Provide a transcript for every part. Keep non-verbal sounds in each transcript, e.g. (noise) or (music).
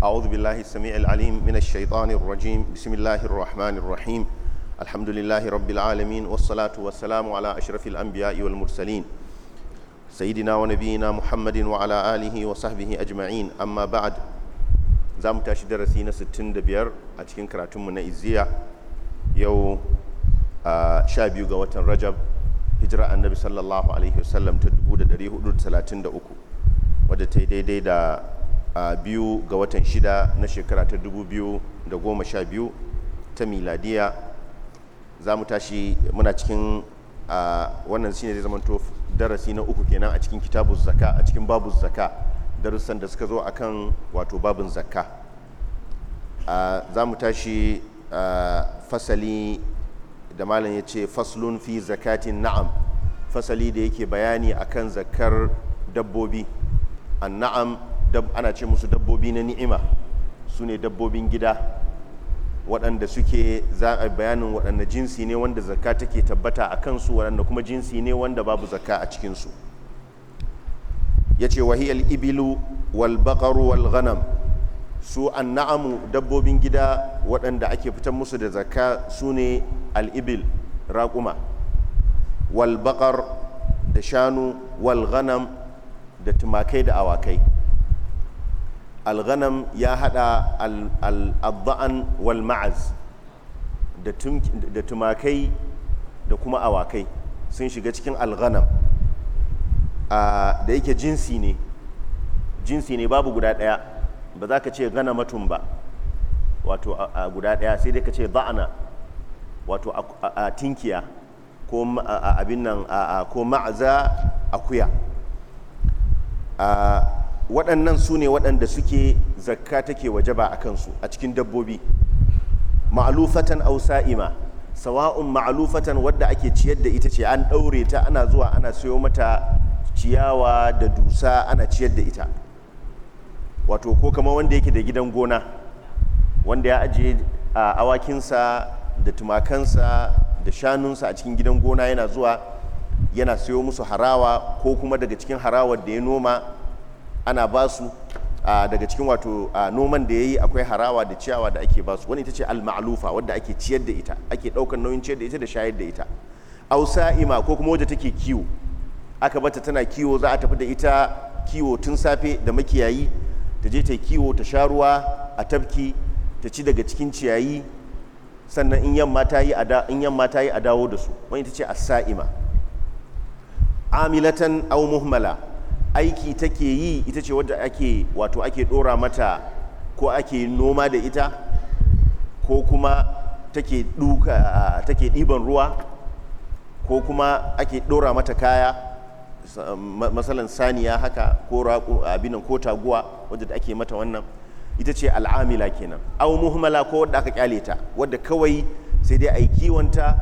أعوذ بالله السميع العليم من الشيطان الرجيم بسم الله الرحمن الرحيم الحمد لله رب العالمين والصلاة والسلام على أشرف الأنبياء والمرسلين سيدنا ونبينا محمد وعلى آله وصحبه أجمعين أما بعد زام تاشي درسينا ستين دبير أتكين كراتم من إزيا يو شابيو غوة رجب هجرة النبي صلى الله عليه وسلم تدبود دريه ودود سلاتين دا أكو wadda ta yi daidai da a biyu ga watan shida na shekara ta dubu biyu da goma sha biyu ta miladiya za mu tashi muna cikin wannan shine zai zamanto darasi na uku kenan a cikin kitabu zaka a cikin babu zaka darussan da suka zo akan wato babin zaka za mu tashi fasali da malam ya ce faslun fi zakatin na'am fasali da yake bayani akan zakar dabbobi an na'am ana ce musu dabbobi na ni'ima su ne dabbobin gida waɗanda suke za a bayanin waɗanda jinsi ne wanda zakka take tabbata a kansu waɗanda kuma jinsi ne wanda babu zakka a cikinsu ya ce wahi al'ibilu walbaƙaru walganam su an na'amu dabbobin gida waɗanda ake fitan musu da zakka su ne al'ibil raƙuma walbaƙar da shanu wal da tumakai da awakai alghanam ya hada al wal ma'az da tumakai da kuma awakai sun shiga cikin alghanam da yake jinsi ne jinsi ne babu guda daya ba za ka ce ghanamatun ba wato a guda daya sai dai ka ce ba'ana wato a tinkiya ko abin nan ko ma'aza akuya waɗannan su ne waɗanda suke zakka take wajaba a kansu a cikin dabbobi ma'alufatan ausa'ima sawa'un ma'alufatan wadda ake ciyar da ita ce an ɗaure ta ana zuwa ana sayo mata ciyawa da dusa ana ciyar da ita wato ko kama wanda yake da gidan gona wanda ya ajiye a awakinsa da tumakansa da shanunsa a cikin gidan gona yana zuwa yana sayo musu harawa ko kuma daga cikin harawar da ya noma ana ba su daga cikin wato noman da ya yi akwai harawa da ciyawa da ake ba su wani ita ce al-ma'lufa wadda ake ciyar da ita ake ɗaukar nauyin ciyar da ita da shayar da ita au sa'ima ko kuma wadda take kiwo aka bata tana kiwo za a tafi da ita kiwo tun safe da makiyayi ta je ta kiwo ta sha ruwa a tafki ta ci daga cikin ciyayi sannan in yamma ta yi a dawo da su wani ita ce as-sa'ima amilatan au muhmala aiki take yi ita ce wadda ake wato ake dora mata ko ake noma da ita ko kuma take duka take ɗiban ruwa ko kuma ake dora mata kaya masalan saniya haka ko abinan ko taguwa wadda ake mata wannan ita ce al'amila kenan au muhmala ko wadda aka kyale ta wadda kawai sai dai a yi kiwonta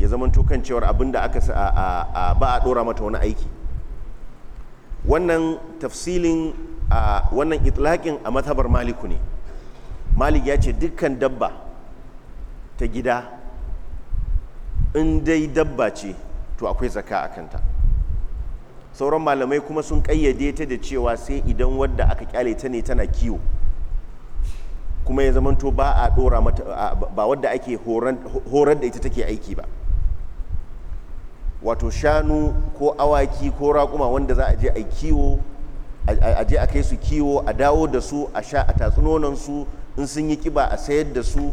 ya zamanto kan cewar abinda aka ba a dora mata wani aiki wannan tafsilin a wannan itlaƙin a mazhabar maliku ne malik ya ce dukkan dabba ta gida in dai dabba ce to akwai zaka a kanta sauran malamai kuma sun ƙayyade ta da cewa sai idan wadda aka kyale ta ne tana kiwo kuma ya zamanto ba a dora ba wadda ake horar da ita take aiki ba wato shanu ko awaki ko raƙuma wanda za a je a kiwo a je a kai su kiwo a dawo da su a sha a tatsi su in sun yi kiba a sayar da su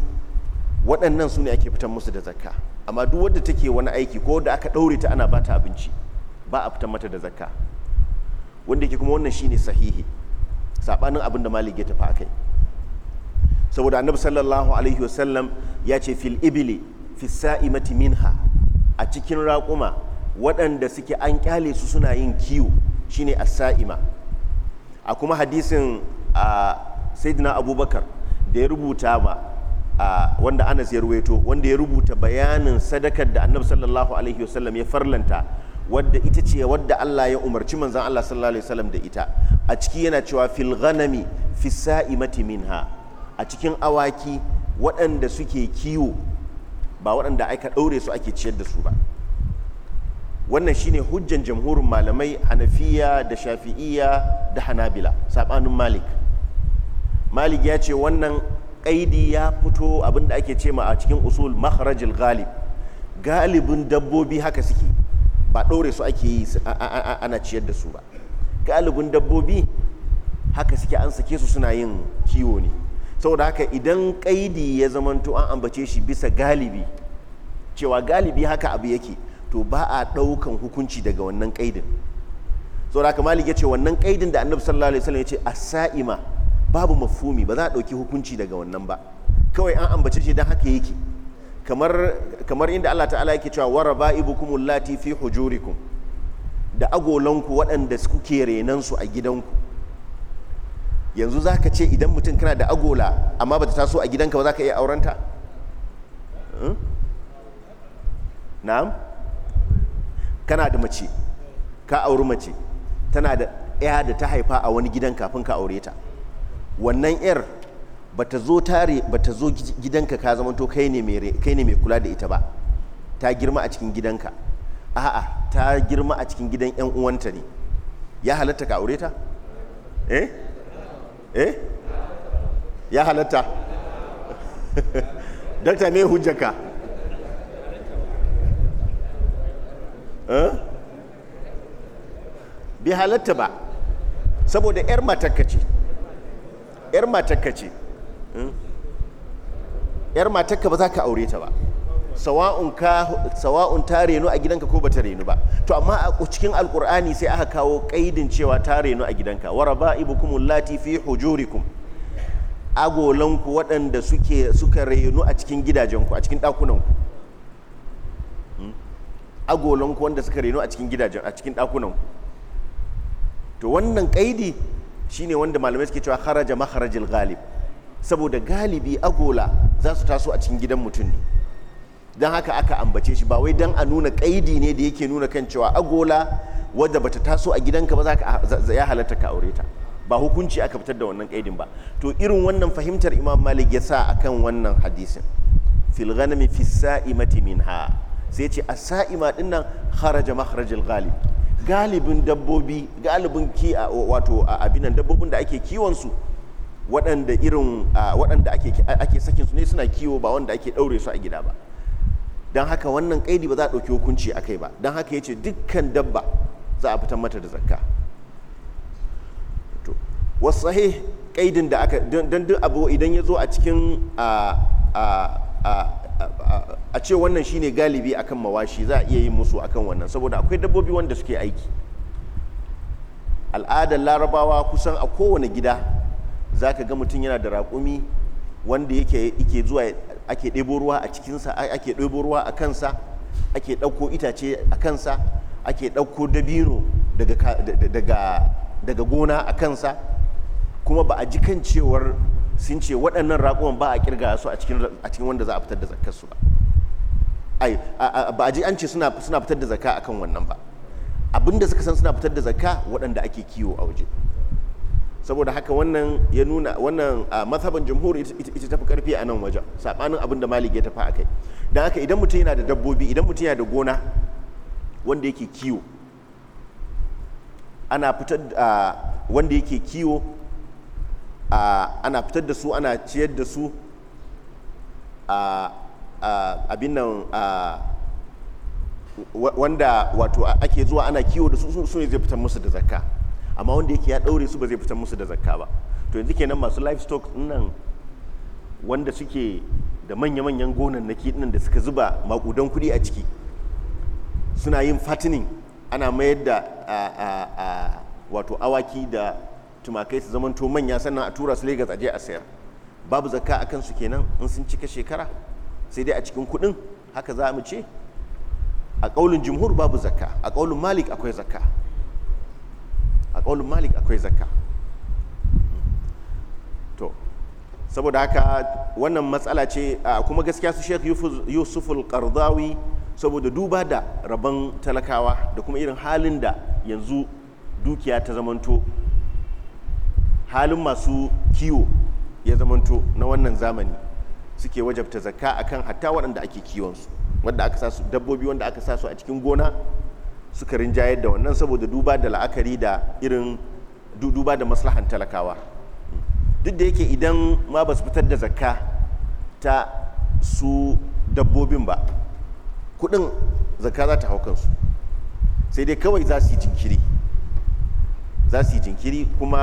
waɗannan su ne ake fitan musu da zakka amma duk wadda take wani aiki ko da aka ɗaure ta ana bata abinci ba a fitan mata da zakka wanda yake kuma wannan shine sahihi sabanin abin da malik ya tafi kai saboda annabi sallallahu alaihi wasallam ya ce fil ibili fi sa'imati minha a cikin raƙuma waɗanda suke an ƙyale su suna yin kiwo shine a saima a kuma hadisin a saidina abubakar da ya rubuta ma wanda anas ya wanda ya rubuta bayanin sadakar da annabi sallallahu alaihi wasallam ya farlanta wadda ita ce wadda Allah ya umarci manzan Allah sallallahu alaihi wasallam da ita a ciki yana cewa fil ghanami fi sa'imati minha a cikin awaki waɗanda suke kiwo ba waɗanda aka ɗaure su ake ciyar da su ba wannan shine hujjan jamhurin malamai hanafiya da shafi'iya da hanabila saɓanin malik malik ya ce wannan ƙaidi ya fito abinda ake ce ma a cikin usul makarajin galib galibin dabbobi haka suke ba ɗaure su ake yi ana ciyar da su ba galibin dabbobi haka suke an sake su suna yin kiwo ne saboda haka idan kaidi ya zamanto an ambace shi bisa galibi cewa galibi haka abu yake to ba a ɗaukan hukunci daga wannan kaidin saboda haka malik ya ce wannan kaidin da annabi sallallahu alaihi wasallam ya ce as-sa'ima babu mafhumi ba za a ɗauki hukunci daga wannan ba kawai an ambace shi dan haka yake kamar kamar inda Allah ta'ala yake cewa waraba'ibukum allati fi hujurikum da agolanku waɗanda kuke su a gidanku yanzu za ka ce idan mutum kana da agola amma ba ta taso a gidanka ba za ka iya aurenta? Hmm? na'am kana da mace ka auri mace tana da ya da ta haifa a wani gidan kafin ka aure ta wannan yar ba ta zo tare ba ta zo gidanka ka zamanto kai ne mai kula da ita ba ta girma a cikin gidanka a'a ta girma a cikin gidan 'yan uwanta ne ya halatta ka aure ta eh eh ya halatta dakta me hujjaka eh? bi halatta ba saboda 'yar matakka ce 'yar matakka ce 'yar hmm? matakka ba za ka aure ta ba sawa'un ta renu a gidanka ko bata renu ba to amma a cikin alkur'ani sai aka kawo kaidin cewa ta renu a gidanka waraba ibukum lati fi hujurikum agolanku waɗanda suke suka renu a cikin gidajenku a cikin ɗakunanku hmm? agolanku wanda suka renu a cikin gidajen a cikin ɗakunanku to wannan kaidi shine wanda malamai suke cewa kharaja maharajin galib saboda galibi agola za su taso a cikin gidan mutum ne don haka aka ambace shi ba wai don a nuna kaidi ne da yake nuna kan cewa agola wadda bata taso a gidanka ba za ka ya halatta ka aure ta ba hukunci aka fitar da wannan kaidin ba to irin wannan fahimtar imam malik ya sa a kan wannan hadisin fil ghanami fi sa'imati minha sai ce a sa'ima din nan kharaja maharajin ghalib galibin dabbobi galibin ki wato abinan dabbobin da ake kiwon su waɗanda irin waɗanda ake sakin su ne suna kiwo ba wanda ake ɗaure su a gida ba don haka wannan kaidi ba za a ɗauki hukunci a kai ba don haka ya ce dukkan dabba za a fitar mata da zakka wasu sahih kaidin da aka don duk abu idan ya zo a cikin a ce wannan shine galibi akan mawashi za a iya yin musu akan wannan saboda akwai dabbobi wanda suke aiki al'adar larabawa kusan a kowane gida za ka ga mutum yana da raƙumi wanda yake zuwa ake ɗebo ruwa a cikinsa ake ɗebo ruwa a kansa ake ɗauko itace a kansa ake ɗauko dabino daga gona a kansa kuma ba a ji kan cewar sun ce waɗannan raƙon ba a ƙirga su a cikin wanda za a fitar da zakarsu ba ba a ji an ce suna fitar da zaka a kan wannan ba abinda suka san suna fitar da zaka waɗanda ake kiwo a waje saboda haka wannan ya nuna wannan mazhaban jumhur ita tafi karfi a nan wajen sabanin abin da malik ya tafi akai dan haka idan mutum yana da dabbobi idan mutum yana da gona wanda yake kiwo ana fitar da wanda yake kiwo ana fitar da su ana ciyar da su abin nan wanda wato ake zuwa ana kiwo da su su ne zai fitar musu da zakka amma wanda yake ya ɗaure su ba zai fitar musu da zakka ba to yanzu kenan masu livestock nan wanda suke da manya-manyan gonannaki nan da suka zuba makudan kuɗi a ciki suna yin fatinin ana mayar da wato awaki da tumakai su zamanto manya sannan a tura su Legas a je a sayar babu zakka a kansu kenan in sun cika shekara sai dai a cikin kuɗin haka za mu ce a ƙaulun jimhur babu zakka a ƙaulun malik akwai zakka a ƙaunin malik akwai zakka hmm. to saboda haka wannan matsala ce kuma gaskiya su shek yusuf saboda duba da rabon talakawa da kuma irin halin da yanzu dukiya ta zamanto halin masu kiwo ya zamanto na wannan zamani suke wajabta zakka akan hatta waɗanda ake kiwonsu wanda aka sa su dabbobi wanda aka sa su a cikin gona suka rinjayar da wannan saboda duba da la'akari da irin duba da maslahan talakawa duk da yake idan ma ba su fitar da zakka ta su dabbobin ba kudin zakka za ta hau kansu sai dai kawai za su yi jinkiri za su yi jinkiri kuma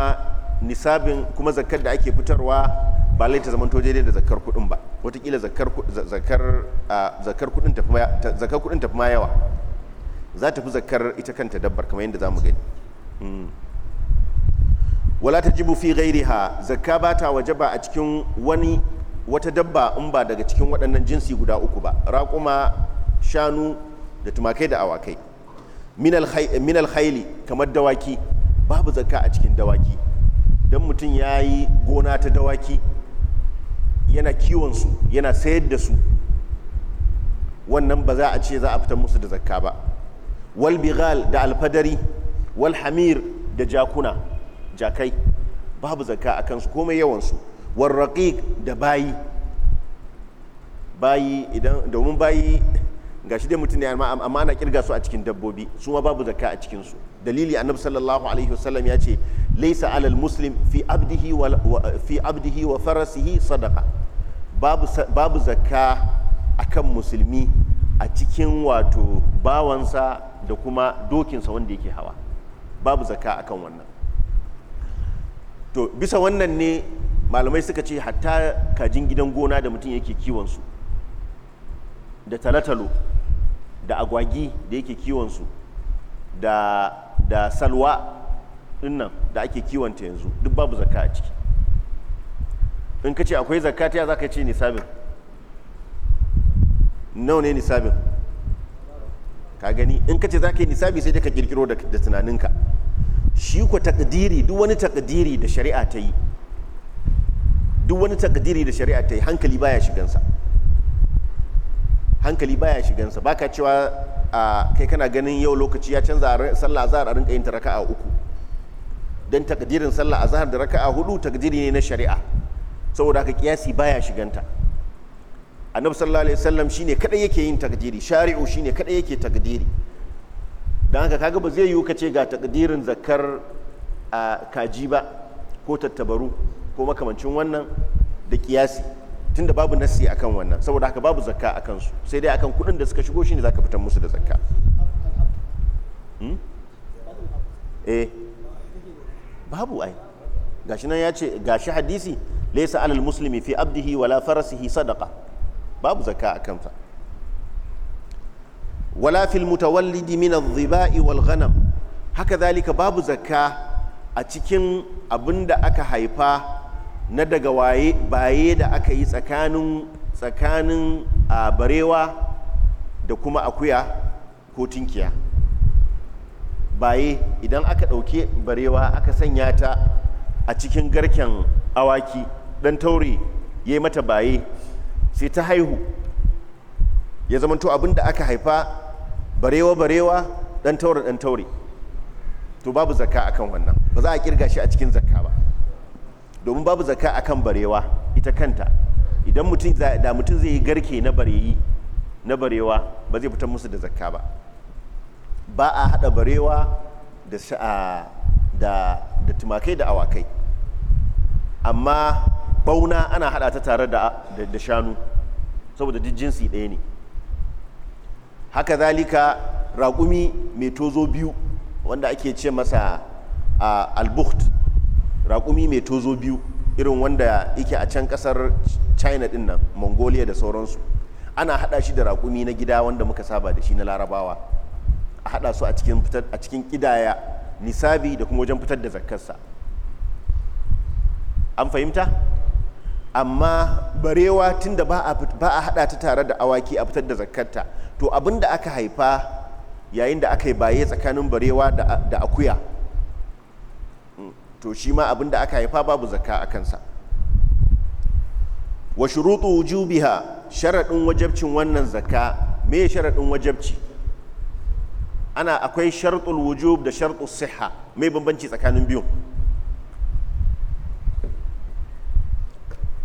nisabin kuma zakkar da ake fitarwa ba lai ta zamanto daidai da zakkar kudin ba watakila zakkar kudin tafi ma yawa za ta fi zakar ita kanta dabbar kamar yadda za mu gani hmm. wala ta jibu fi ha zakka ba ta waje ba a cikin wani wata dabba in ba daga cikin waɗannan jinsi guda uku ba raƙuma shanu da tumakai da awakai minal haili kamar dawaki babu zakka a cikin dawaki don mutum ya yi gona ta dawaki yana kiwonsu yana sayar da su wannan ba za a ce za a fitar musu da zakka ba wal da alfadari wal hamir da jakuna jakai babu zakka a kansu komai yawansu wal da bayi bayi idan domin bayi ga shi dai mutum ne amma ana kirga su a cikin dabbobi su ma babu zakka a cikin su dalili annabi sallallahu alaihi wasallam ya ce laisa alal muslim fi abdihi wa fi abdihi wa farasihi sadaqa babu babu zakka akan musulmi a cikin wato bawansa da kuma dokinsa wanda yake hawa babu zaka akan wannan to bisa wannan ne malamai suka ce hatta kajin gidan gona da mutum yake kiwonsu da talatalo da agwagi da yake kiwonsu da, da salwa dinnan da ake kiwonta yanzu duk babu zaka a ciki in ka ce akwai zakka ta za ka ce nisabin nawa ne nisabin ka gani in ka ce za ka yi nisabi sai dai ka kirkiro da tunaninka shi ku takdiri duk wani takdiri da shari'a ta yi duk wani takdiri da shari'a ta yi hankali baya shigansa hankali baya shigansa baka cewa a kai kana ganin yau lokaci ya canza sallah azhar a rinka yin ta raka'a uku dan takdirin sallah azhar da raka'a hudu takdiri ne na shari'a saboda haka kiyasi baya shiganta annabi sallallahu alaihi wasallam shine kadai yake yin takdiri shari'u shine kadai yake takdiri dan haka kaga ba zai yiwu ka ce ga takdirin zakar a kaji ba ko tattabaru ko makamancin wannan da kiyasi tunda babu nasi akan wannan saboda haka babu zakka akan su sai dai akan kudin da suka shigo shine zaka fitar musu da zakka hmm? eh babu ai gashi nan ya ce gashi hadisi laysa alal muslimi fi abdihi wala farasihi sadaqa babu zaka a kansa wala fil mutawallidi min adh-dhiba'i wal ghanam haka zalika babu zakka a cikin abinda aka haifa na daga waye baye da aka yi tsakanin tsakanin a barewa da kuma akuya ko tinkiya baye idan aka ɗauke barewa aka sanya ta a cikin garken awaki dan taure ya yi mata baye sai ta haihu ya zamanto abin da aka haifa barewa barewa dan taure dan taure to babu zakka akan wannan ba za a kirga shi a cikin zakka ba domin babu zakka akan barewa ita kanta idan mutum da mutum zai yi garke na bareyi na barewa ba zai fitar musu da zakka ba ba a hada barewa da da tumakai da awakai amma bauna ana hada ta tare da, da, shanu saboda duk jinsi ɗaya ne haka zalika raƙumi mai tozo biyu wanda ake ce masa a albucht raƙumi mai tozo biyu irin wanda yake a can ƙasar china ɗin nan mongolia da sauransu ana hada shi da raƙumi na gida wanda muka saba da shi na larabawa a hada su a cikin ƙidaya nisabi da kuma wajen fitar da zakkarsa an fahimta amma barewa tunda ba a hada ta tare da awaki a fitar da zakarta to abin da aka haifa yayin da aka yi baye tsakanin barewa da akuya mm, to shi ma abin da aka haifa babu zaka a kansa wa shuruɗu wujubiha sharaɗin wajabcin wannan zaka me sharaɗin wajabci ana akwai sharaɗin wujub da sharaɗin siha mai bambanci tsakanin biyun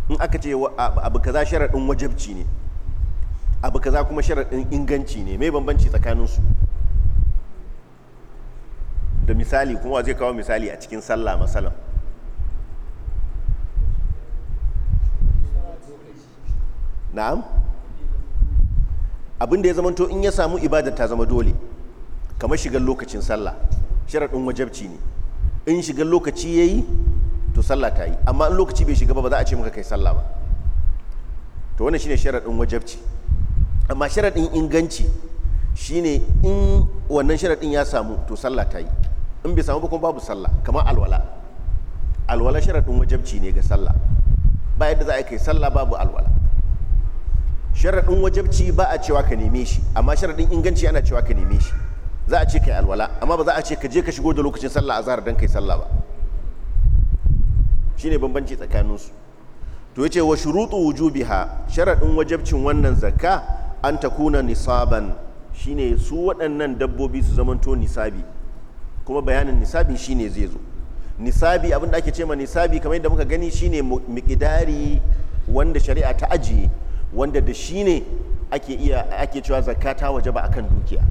in aka ce abu kaza sharaɗin wajabci ne abu kaza kuma sharaɗin inganci ne mai bambanci tsakaninsu da misali kuma zai kawo misali a cikin sallah masalan na'am abin da ya zamanto in ya samu ibada ta zama dole kamar shigar lokacin sallah sharaɗin wajabci ne in shigar lokaci ya yi to sallah ta yi amma in lokaci bai shiga ba ba za a ce maka kai sallah ba to wannan shine sharaɗin wajabci amma sharaɗin inganci shine in wannan sharaɗin ya samu to sallah ta yi in bai samu ba kuma babu sallah kamar alwala alwala sharaɗin wajabci ne ga sallah ba yadda za a kai sallah babu alwala sharaɗin wajabci ba a cewa ka neme shi amma sharaɗin inganci ana cewa ka neme shi za a ce kai alwala amma ba za a ce ka je ka shigo da lokacin sallah a zahar don kai sallah ba shine bambanci su to yace wa shurutu wujubiha sharadin wajabcin wannan zakka an takuna nisaban shine su waɗannan dabbobi su zamanto nisabi kuma bayanin nisabi shine zai zo nisabi abin da ake ce ma nisabi kamar yadda muka gani shine miƙidari wanda shari'a ta ajiye wanda da shine ake iya ake cewa zakka ta wajaba akan dukiya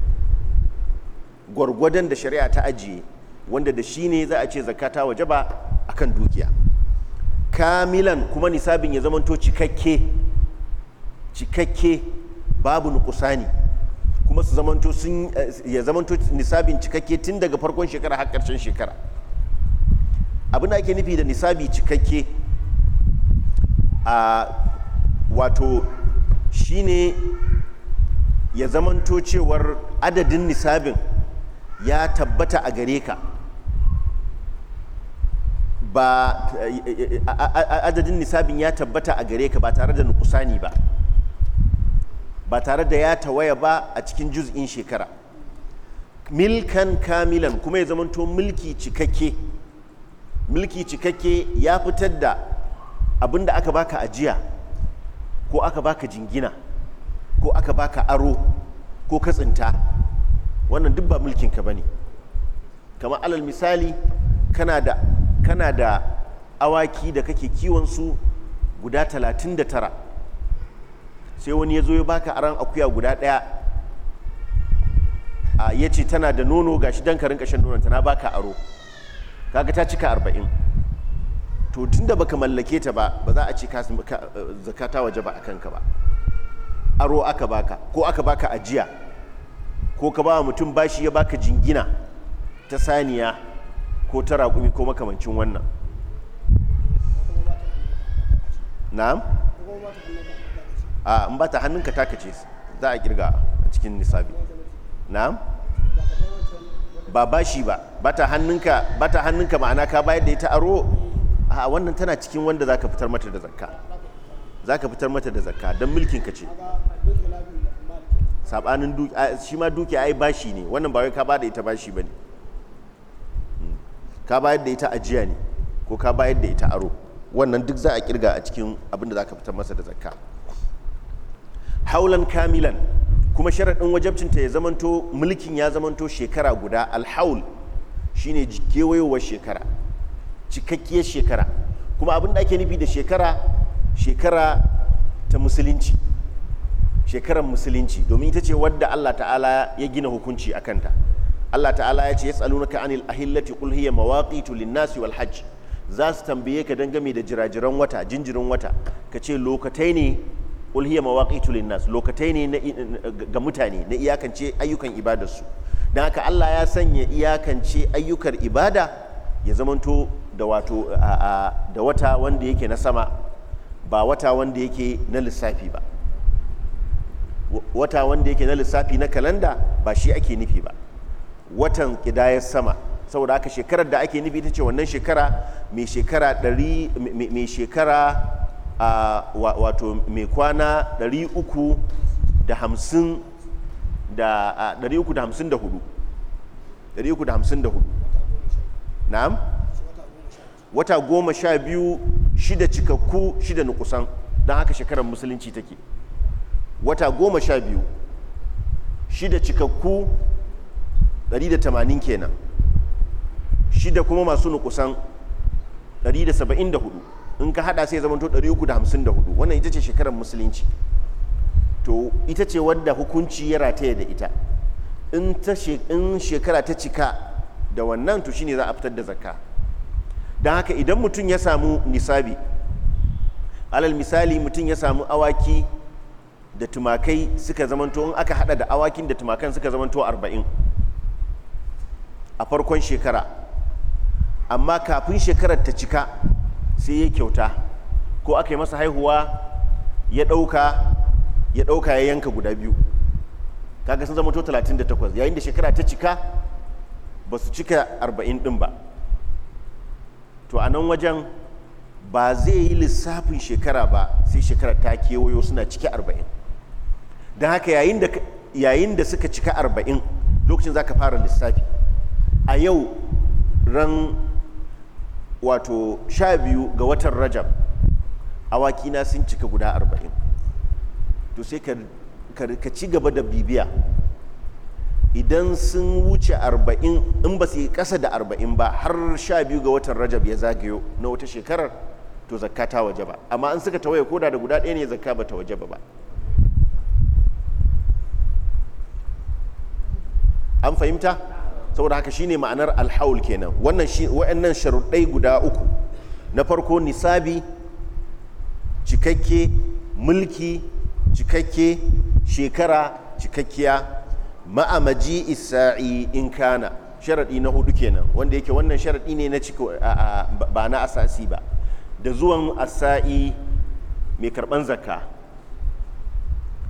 gwargwadon da shari'a ta ajiye wanda da shine za a ce zakka ta wajaba akan dukiya kamilan kuma nisabin ya to cikakke cikakke babu nukusani kuma su to sun ya to nisabin cikakke tun daga farkon shekara har karshen shekara abin da ake nufi da nisabi cikakke a wato shine ya zamanto cewar adadin nisabin ya tabbata a gare ka ba adadin nisabin ya tabbata a gare ka ba tare da nukusani ba ba tare da ya tawaya ba a cikin juz'in shekara milkan kamilan kuma ya zamanto milki cikakke milki cikakke ya fitar da abinda aka baka ajiya ko aka baka jingina ko aka baka aro ko katsinta wannan duk ba mulkinka ba ne kamar alal misali kana da kana da awaki da kake kiwon su guda 39 sai wani ya zo ya baka aran akuya guda ɗaya a ya ce tana da nono gashi don karin kashin nonon tana baka aro kaga ta cika 40 to da baka mallake ta ba ba za a ce zakata waje ba a kanka ba aro aka baka ko aka baka ajiya ko ka ba mutum bashi ya baka jingina ta saniya ko ta raƙumi ko makamancin wannan na'am a in ba ta hannunka ta kace za a kirga a cikin nisabi na'am ba bashi ba ba ta hannunka ba ta hannunka ma'ana ka bayar da ita aro a wannan tana cikin wanda za ka fitar mata da zakka za ka fitar mata da zakka don mulkin ka ce sabanin shi ma duki ai bashi ne wannan ba wai ka ba da ita bashi ba ne ka bayar da ita ajiya ne ko ka bayar da ita aro wannan duk za a kirga a cikin abin da za ka fitar masa da zakka haulan kamilan kuma sharaɗin wajabcinta ya zamanto mulkin ya zamanto shekara guda alhaul shine kewayowar shekara cikakkiyar shekara kuma abin da ake nufi da shekara shekara ta musulunci shekarar musulunci domin ita ce wadda allah ta'ala ya gina hukunci a kanta Allah ta'ala ya ce ya anil ahillati qul hiya mawaqitu mawaƙi nasi wal hajj za su tambaye ka dangane da jirajiran wata jinjirin wata ka ce lokatai ne qul hiya mawaqitu linnasi lokatai ne ga mutane na iyakance ayyukan ibadarsu don haka Allah ya sanya iyakance ayyukar ibada ya zamanto da wato da wata wanda yake na sama ba wata wanda yake na lissafi ba wata wanda yake na lissafi na kalanda ba shi ake nufi ba watan ƙidayar sama saboda haka shekarar da ake nufi ita ce wannan shekara mai shekara ɗari mai shekara wato mai kwana ɗari uku da hamsin da ɗari uku da hamsin da hudu ɗari uku da hamsin da hudu na'am wata goma sha biyu shida cikakku shida nukusan don haka shekarar musulunci take wata goma sha biyu shida cikakku 180 kenan shida kuma masu nukusan 174 in ka hada sai zamanto 354 wannan ita ce shekarar musulunci to ita ce wadda hukunci ya rataya da ita in shekara ta cika da wannan to shine za a fitar da zakka don haka idan mutum ya samu nisabi alal misali mutum ya samu awaki da tumakai suka zamanto in aka hada da awakin da tumakan suka zamanto arba'in a farkon shekara amma kafin shekarar ta cika sai ya kyauta ko aka yi masa haihuwa ya ɗauka ya ɗauka ya yanka guda biyu kaga sun zama to 38 yayin da shekara ta cika ba su cika 40 ɗin ba to a nan wajen ba zai yi lissafin shekara ba sai shekara ta kewayo suna cike 40 don haka yayin da suka cika 40 lokacin za ka fara lissafi a yau ran wato sha biyu ga watan rajab awakina sun cika guda arba'in to sai ka ci gaba da bibiya idan sun wuce arba'in in ba su yi kasa da arba'in ba har sha biyu ga watan rajab ya zagayo na wata shekarar to zakka ta waje ba amma an suka tawaye koda da guda ɗaya ne zakka ba ta waje ba an fahimta saboda haka shine ma'anar alhaul kenan wannan shi wa'annan sharuɗai guda uku na farko nisabi cikakke mulki cikakke shekara cikakkiya ma'amaji isa'i in kana sharaɗi na hudu kenan wanda yake wannan sharaɗi ne na ciko ba na asasi ba da zuwan asa'i mai karɓan zakka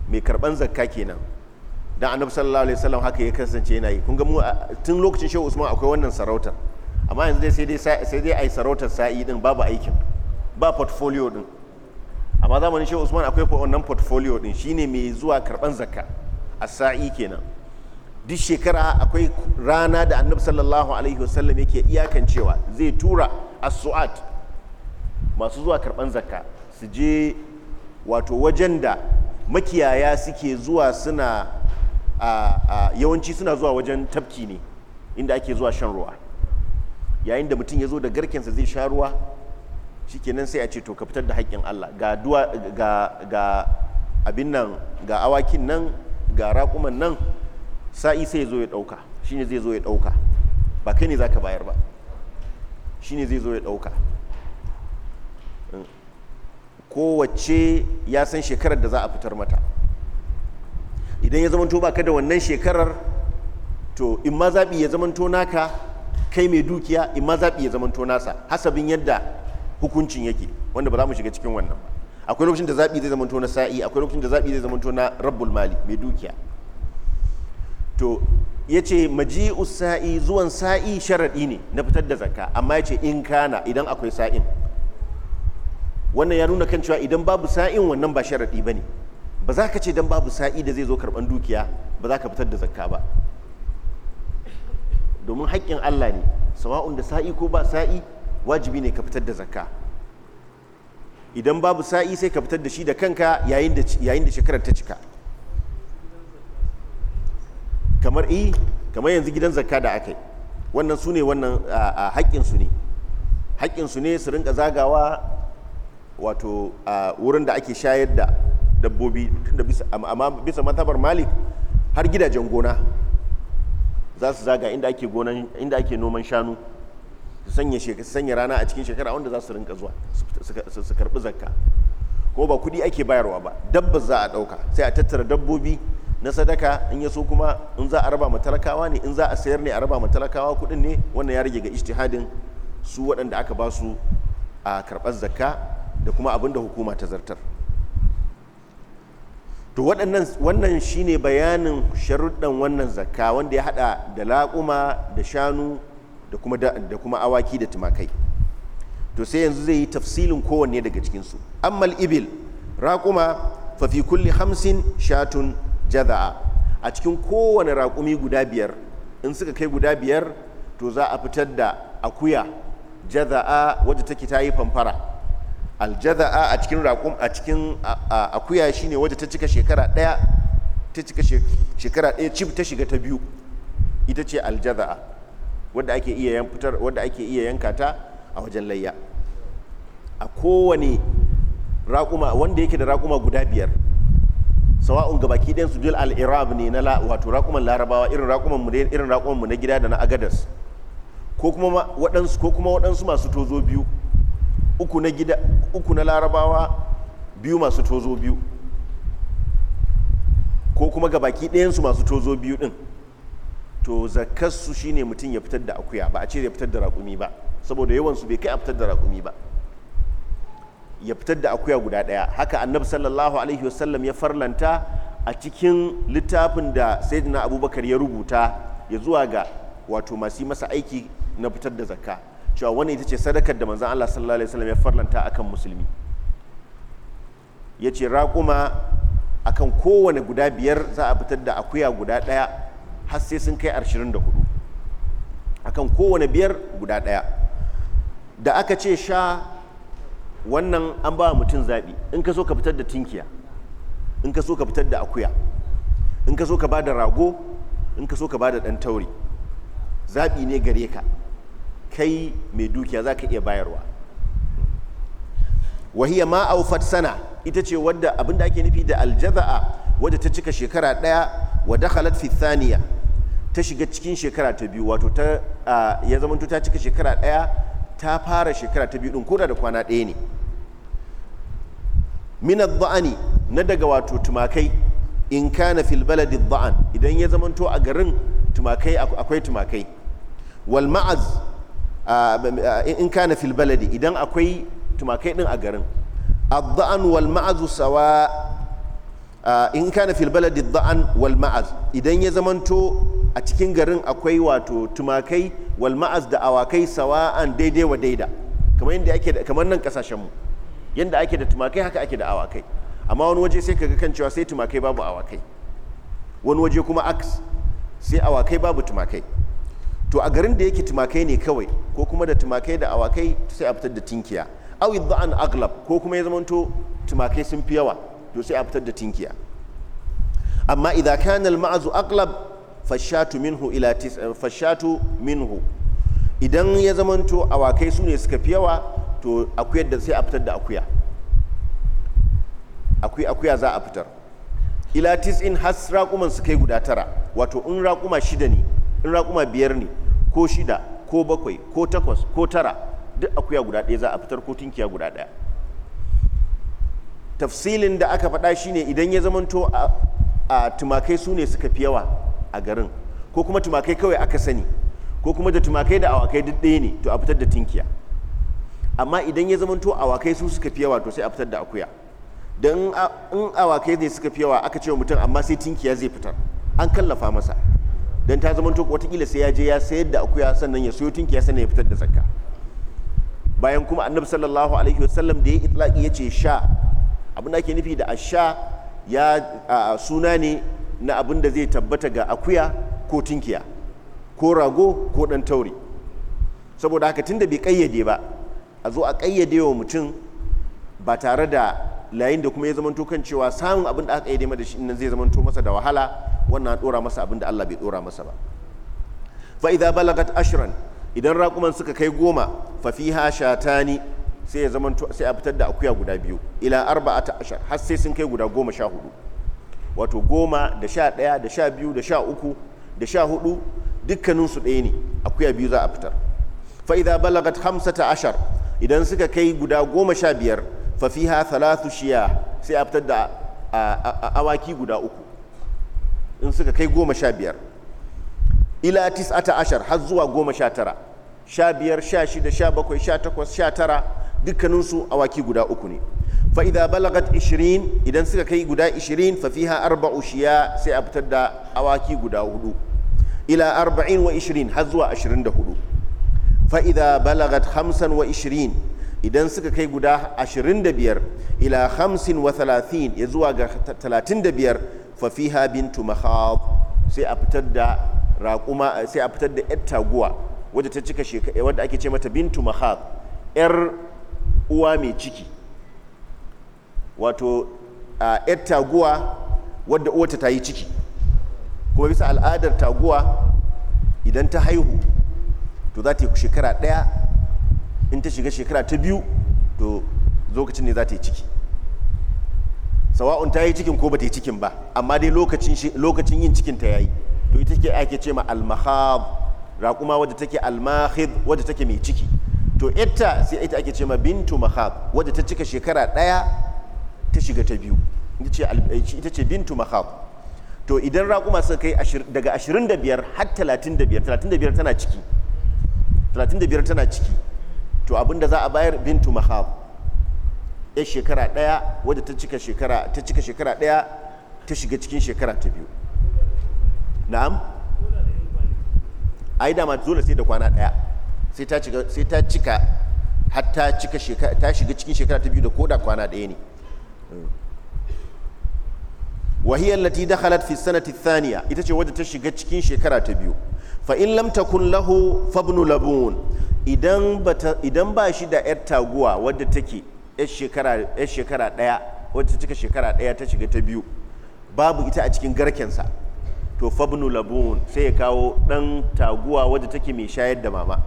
mai karɓan zakka kenan dan annabi sallallahu alaihi wasallam haka ya kasance yana yi kun ga mu tun lokacin shehu usman akwai wannan sarautar amma yanzu dai sai dai sai dai ai sarautar sa'i din babu aikin ba portfolio din amma zamanin shehu usman akwai wannan portfolio din shine mai zuwa karban zakka a sa'i kenan duk shekara akwai rana da annabi sallallahu alaihi wasallam yake iyakancewa zai tura as-su'at masu zuwa karban zakka su je wato wajen da makiyaya suke zuwa suna yawanci suna zuwa wajen tafki ne inda ake zuwa shan ruwa yayin da mutum ya zo da garkensa zai sha ruwa shikenan sai a ce to ka fitar da haƙƙin Allah ga duwa ga abin nan ga awakin nan ga raƙuman nan sa'i sai zo ya ɗauka shine zai zo ya ɗauka ba kai ne zaka bayar ba shine zai zo ya ɗauka kowace ya san shekarar da za a fitar mata idan ya zamanto ba ka da wannan shekarar to in ma zaɓi ya zamanto naka kai mai dukiya in ma zaɓi ya zamanto nasa hasabin yadda hukuncin yake wanda ba za mu shiga cikin wannan ba akwai lokacin da zaɓi zai zamanto na sa'i akwai lokacin da zaɓi zai zamanto na rabbul mali mai dukiya to ya ce maji'u sa'i zuwan sa'i sharaɗi ne na fitar da zakka amma ya ce in kana idan akwai sa'in wannan ya nuna kan cewa idan babu sa'in wannan ba sharaɗi ba ne ba za ka ce don babu sa'i da zai zo karɓan dukiya ba za ka fitar da zakka ba domin haƙƙin allah ne sawa'un da sa'i ko ba sa'i wajibi ne ka fitar da zakka idan babu sa'i sai ka fitar da shi da kanka yayin da shekarar ta cika kamar yi kamar yanzu gidan zakka da aka yi wannan su ne wannan haƙƙinsu ne haƙƙinsu ne su rinka zagawa wato wurin da ake shayar da dabbobi tunda bisa amma bisa matabar malik har gidajen gona za su zaga inda ake gonan inda ake noman shanu su sanya shekara sanya rana a cikin shekara wanda za su rinka zuwa su karbi zakka ko ba kuɗi ake bayarwa ba dabba za a ɗauka sai a tattara dabbobi na sadaka in ya so kuma in za a raba ma talakawa ne in za a sayar ne a raba ma talakawa kuɗin ne wannan ya rage ga ijtihadin su waɗanda aka ba su a karɓar zakka da kuma abin da hukuma ta zartar to waɗannan wannan shine bayanin sharuɗan wannan zakka wanda ya haɗa da laƙuma da shanu da kuma da kuma awaki da tumakai to sai yanzu zai yi tafsilin kowanne daga cikinsu ammal ibil raƙuma fa fi kulli hamsin shatun jaza'a a cikin kowane raƙumi guda biyar in suka kai guda biyar to za a fitar da akuya jaza'a wadda take ta yi famfara aljaza'a a cikin raƙum a cikin akuya shine waje ta cika shekara ɗaya ta cika shekara ɗaya cif ta shiga ta biyu ita ce aljaza'a wadda ake iya yan fitar wadda ake iya yanka ta a wajen layya a kowane raƙuma wanda yake da raƙuma guda biyar sawa'un baki ɗayan su jul al-irab ne na wato raƙuman larabawa irin raƙuman mu irin raƙuman mu na gida da na agadas ko kuma waɗansu ko kuma waɗansu masu tozo biyu uku na gida uku na larabawa biyu masu tozo biyu ko kuma ga baki ɗayansu masu tozo biyu ɗin to zakarsu shine mutum ya fitar da akuya ba a ce ya fitar da raƙumi ba saboda yawansu bai kai a fitar da raƙumi ba ya fitar da akuya guda ɗaya haka annabi sallallahu alaihi wasallam ya farlanta a cikin littafin da sayyidina abubakar ya rubuta ya zuwa ga wato masu masa aiki na fitar da zakka cewa wani ita ce sadakar da manzan Allah sallallahu alaihi wasallam ya farlanta akan musulmi ya ce raƙuma akan kowane guda biyar za a fitar da akuya guda ɗaya har sai sun kai ashirin da hudu kan kowane biyar guda ɗaya da aka ce sha wannan an ba mutum zaɓi in ka so ka fitar da tinkiya in ka so ka fitar da akuya in ka so ka ba da rago in ka so ka ba da ɗan tauri zaɓi ne gare ka kai mai dukiya za ka iya bayarwa wahiya ma aufat sana ita ce wadda abinda ake nufi da aljaza'a wadda ta cika shekara ɗaya wadda halat fi ta shiga cikin shekara ta biyu wato ya zama ta cika shekara ɗaya ta fara shekara ta biyu ɗin koda da kwana ɗaya ne min dha'ani na daga wato tumakai in kana fil baladi ba'an idan ya zamanto a garin tumakai akwai tumakai wal ma'az in kana fil baladi idan akwai tumakai din a garin adda'an wal ma'az sawa in kana fil baladi adda'an wal ma'az idan ya zamanto a cikin garin akwai wato tumakai wal ma'az da awakai sawa'an daidai wa daida kamar yadda ake kamar nan kasashen mu yadda ake da tumakai haka ake da awakai amma wani waje sai kaga kan cewa sai tumakai babu awakai wani waje kuma aks sai awakai babu tumakai to a garin da yake tumakai ne kawai ko kuma da tumakai da awakai sai a fitar da tinkiya awi an aglab ko kuma ya zamanto tumakai sun fi yawa to sai a fitar da tinkiya amma idza kana al maazu aglab fashatu minhu ila tis eh, fashatu minhu idan ya zamanto awakai su ne suka fi yawa to akuyar da sai a fitar da akuya akuya akuya za a fitar ila in has kuma su kai guda tara wato in raquma shida ne in raƙuma biyar ne ko shida ko bakwai ko takwas ko tara duk akuya guda ɗaya za a fitar ko tunkiya guda ɗaya tafsilin da aka faɗa shine idan ya zamanto a tumakai su ne suka fi yawa a garin ko kuma tumakai kawai aka sani ko kuma da tumakai da awakai duk ɗaya ne to a fitar da tinkiya amma idan ya zamanto awakai su suka fi yawa to sai a fitar da akuya don in awakai ne suka fi yawa aka ce wa mutum amma sai tinkiya zai fitar an kallafa masa don ta zama to watakila sai ya je ya sayar da akuya sannan ya sayo tinki ya sannan ya fitar da zakka bayan kuma annabi sallallahu alaihi wasallam da ya itlaki ya ce sha abin ake nufi da asha ya suna ne na abin da zai tabbata ga akuya ko tinkiya ko rago ko dan tauri saboda haka tunda bai kayyade ba a zo a kayyade wa mutum ba tare da layin da kuma ya zamanto kan cewa samun abin da aka yi da shi nan zai zamanto masa da wahala wannan dora masa abin da Allah bai dora masa ba fa idza balagat ashran idan raƙuman suka kai goma fa fiha shatani sai ya sai a fitar da akuya guda biyu ila arba'ata ashar har sai sun kai guda goma sha hudu wato goma da sha ɗaya da sha biyu da sha uku da sha hudu dukkaninsu ɗaya ne akuya biyu za a fitar fa idza balagat ta ashar idan suka kai guda goma sha biyar fa fiha thalathu shiya sai a fitar da awaki guda uku in suka kai goma sha biyar ila tis'ata ashar har zuwa goma sha tara sha biyar sha shida sha bakwai sha takwas sha tara dukkaninsu awaki guda uku ne fa'iza balagat 20 idan suka kai guda ishirin fafiha arba'u shiya sai a fitar da awaki guda hudu ila 40 wa 20 har zuwa 24. da hudu balagat wa 20 idan suka kai guda 25 ila hamsin wa ya zuwa ga talatin biyar fafiha bintu mahab sai a fitar da raƙuma sai a fitar da yar taguwa wadda ta cika shekara wadda ake ce mata bintu mahab yar uwa mai ciki wato yar taguwa wadda uwata ta yi ciki kuma bisa al'adar taguwa idan ta haihu to za ta yi shekara ɗaya in ta shiga shekara ta biyu to lokacin ne za ta yi ciki sawa'un ta yi cikin ko ba ta yi cikin ba amma dai lokacin yin cikin ta yayi to ita ke ake ce ma almahad raƙuma wadda take almahid wadda take mai ciki to ita sai ita ake ce ma bintu mahad wadda ta cika shekara ɗaya ta shiga ta biyu ita ce bintu mahad to idan raƙuma suka kai daga 25 har 35 35 tana ciki 35 tana ciki to abinda za a bayar bintu mahad 'yan shekara daya wadda ta cika shekara ta cika shekara ɗaya ta shiga cikin shekara ta biyu na'am yi dama zola sai da kwana daya sai ta cika sai cika har ta shekara ta shiga cikin shekara ta biyu da koda kwana daya ne hmm. wahiyar lati da halat fi sanati thaniya ita ce wadda ta shiga cikin shekara ta biyu fa in lamta kun lahu fabnu labun idan ba shi da 'yar taguwa wadda take 'yar shekara ɗaya wacce cika shekara ɗaya ta shiga ta biyu babu ita a cikin garkensa to fabnu labun sai ya kawo ɗan taguwa wadda take mai shayar da mama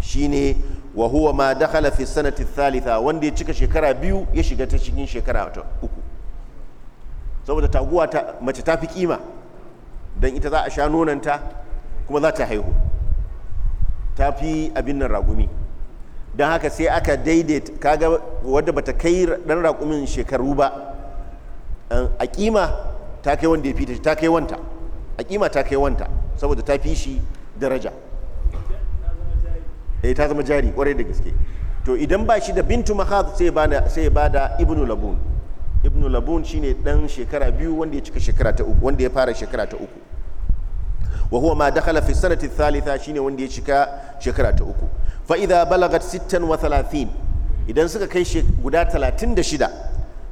shine wa huwa ma dakhala fi sanati thalitha wanda ya cika shekara biyu ya shiga ta cikin shekara ta uku saboda taguwa ta mace ta fi kima dan ita za a sha nonanta kuma za ta haihu ta fi abin nan ragumi don haka sai aka daidaita kaga wadda bata kai dan raƙumin shekaru ba a kima ta kai wanda ya fita ta kai wanta a kima ta kai wanta saboda ta fi shi daraja eh ta zama jari kwarai da gaske to idan ba shi da bintu mahad sai bada sai da ibnu labun ibnu labun shine dan shekara biyu wanda ya cika shekara ta uku wanda ya fara shekara ta uku wa huwa ma dakhala fi sanati thalitha shine wanda ya cika shekara ta uku balagat sittan wa talatin idan suka kai shi guda talatin da shida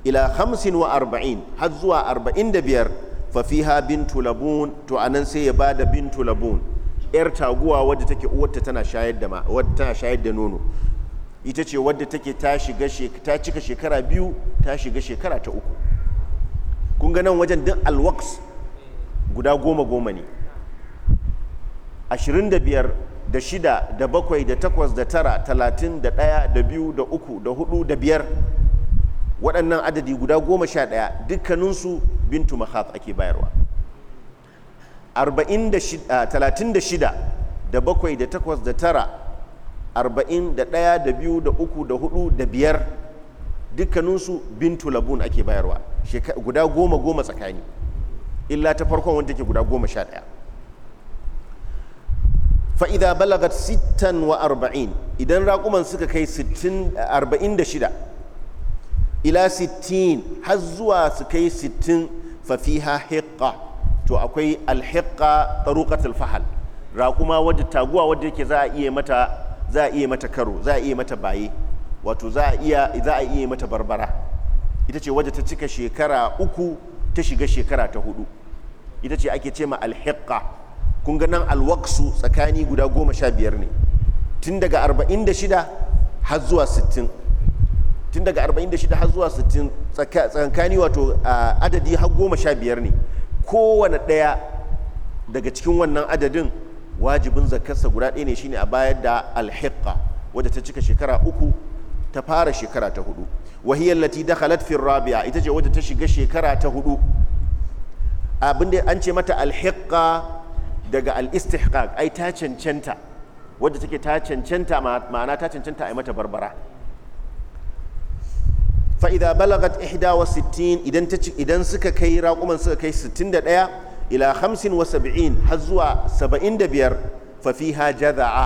ila arba'in har zuwa arba'in da biyar fafiha bintu tulabun to a nan sai ya ba da bintu tulabun yar taguwa wadda take uwarta tana shayar da wadda tana shayar da nono ita ce wadda take ta shiga ta cika shekara biyu ta shiga shekara ta uku kun ga nan wajen din alwaks guda goma goma ne 25 da shida da bakwai da takwas da tara talatin da ɗaya da biyu da uku da hudu da biyar waɗannan adadi guda goma sha ɗaya dukkaninsu bintu mahaf ake bayarwa talatin da shida da bakwai da takwas da tara arba'in da ɗaya da biyu da uku da hudu da biyar dukkaninsu bintu labun ake bayarwa guda goma goma tsakani illa ta farkon wanda ke guda goma sha ɗaya fa'ida balagat sittan wa arba'in idan raƙuman suka kai arba'in da shida ila sittin har zuwa su kai sittin fafiha hiƙa to akwai alhiƙa tsarukatul fahal raƙuma wadda taguwa wadda yake za a iya mata za a iya mata karo za a iya mata baye wato za a iya za a iya mata barbara ita ce wadda ta cika shekara uku ta shiga shekara ta hudu ita ce ake ce ma alhiƙa kun ga nan alwaksu tsakani guda goma sha biyar ne tun daga arba'in da shida har zuwa sittin tun daga arba'in da shida har zuwa sittin tsakani wato adadi har goma sha biyar ne kowane ɗaya daga cikin wannan adadin wajibin zakarsa guda ɗaya ne shine a bayar da alhiqa wadda ta cika shekara uku ta fara shekara ta hudu wahiyar lati dakhalat fi rabi'a ita ce wadda ta shiga shekara ta hudu abinda an ce mata alhiqa daga al-istihqaq ai ta cancanta wadda take ta cancanta ma'ana ta cancanta ai mata barbara fa idza balagat 61 idan ta idan suka kai raƙuman suka kai 61 ila 75 har zuwa 75 fa fafiha jazaa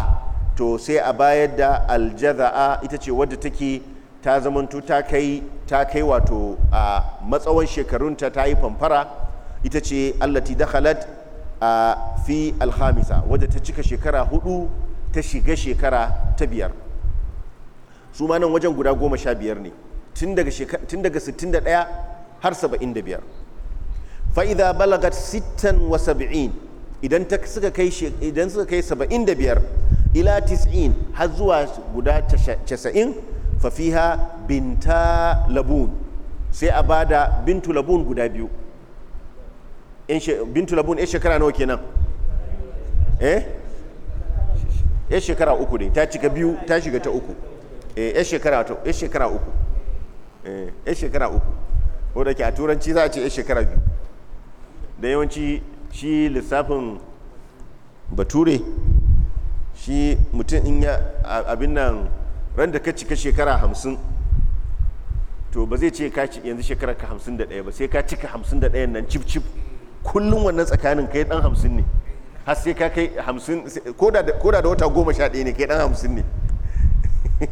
to sai a bayar da aljazaa ita ce wadda take ta zamanto ta kai ta kai wato a matsawon shekarunta ta yi famfara ita ce allati dakhalat a fi alhamisa wadda ta cika shekara hudu ta shiga shekara ta biyar su ma nan wajen guda goma sha biyar ne tun daga sittin da daya har saba'in da biyar fa'iza balagat sittan wa saba'in idan suka kai idan suka kai saba'in da biyar ila tis'in har zuwa guda casa'in fafiha binta labun sai a bada bintu labun guda biyu bintu labun yan shekara nawa kenan eh yan shekara uku ne ta cika biyu ta shiga ta uku eh yan shekara to yan shekara uku eh yan shekara uku ko da ke a turanci za a ce yan shekara biyu da yawanci shi lissafin bature shi mutum in ya abin nan ran da ka cika shekara hamsin to ba zai ce ka yanzu shekara ka hamsin da ɗaya ba sai ka cika hamsin da ɗayan nan cif cif kullum wannan tsakanin kai dan hamsin ne har sai ka kai hamsin ko da wata goma sha ɗaya ne kai dan hamsin ne (laughs)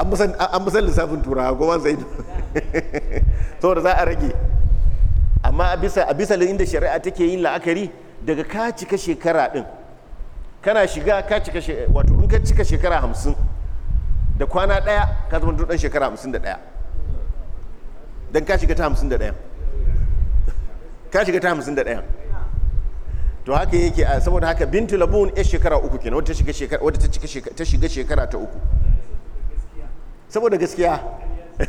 an musan lissafin turawa goma zai (laughs) da za a rage amma a bisa a bisa inda shari'a take yin la'akari daga ka cika shekara ɗin kana shiga ka cika wato in ka cika shekara hamsin da kwana ɗaya ka zama dan shekara hamsin da ɗaya don ka shiga ta hamsin da ɗaya ka shiga ta hamsin da ɗaya to haka yake saboda haka bintu labun ya shekara uku kenan wata ta shiga shekara ta uku saboda gaskiya (laughs)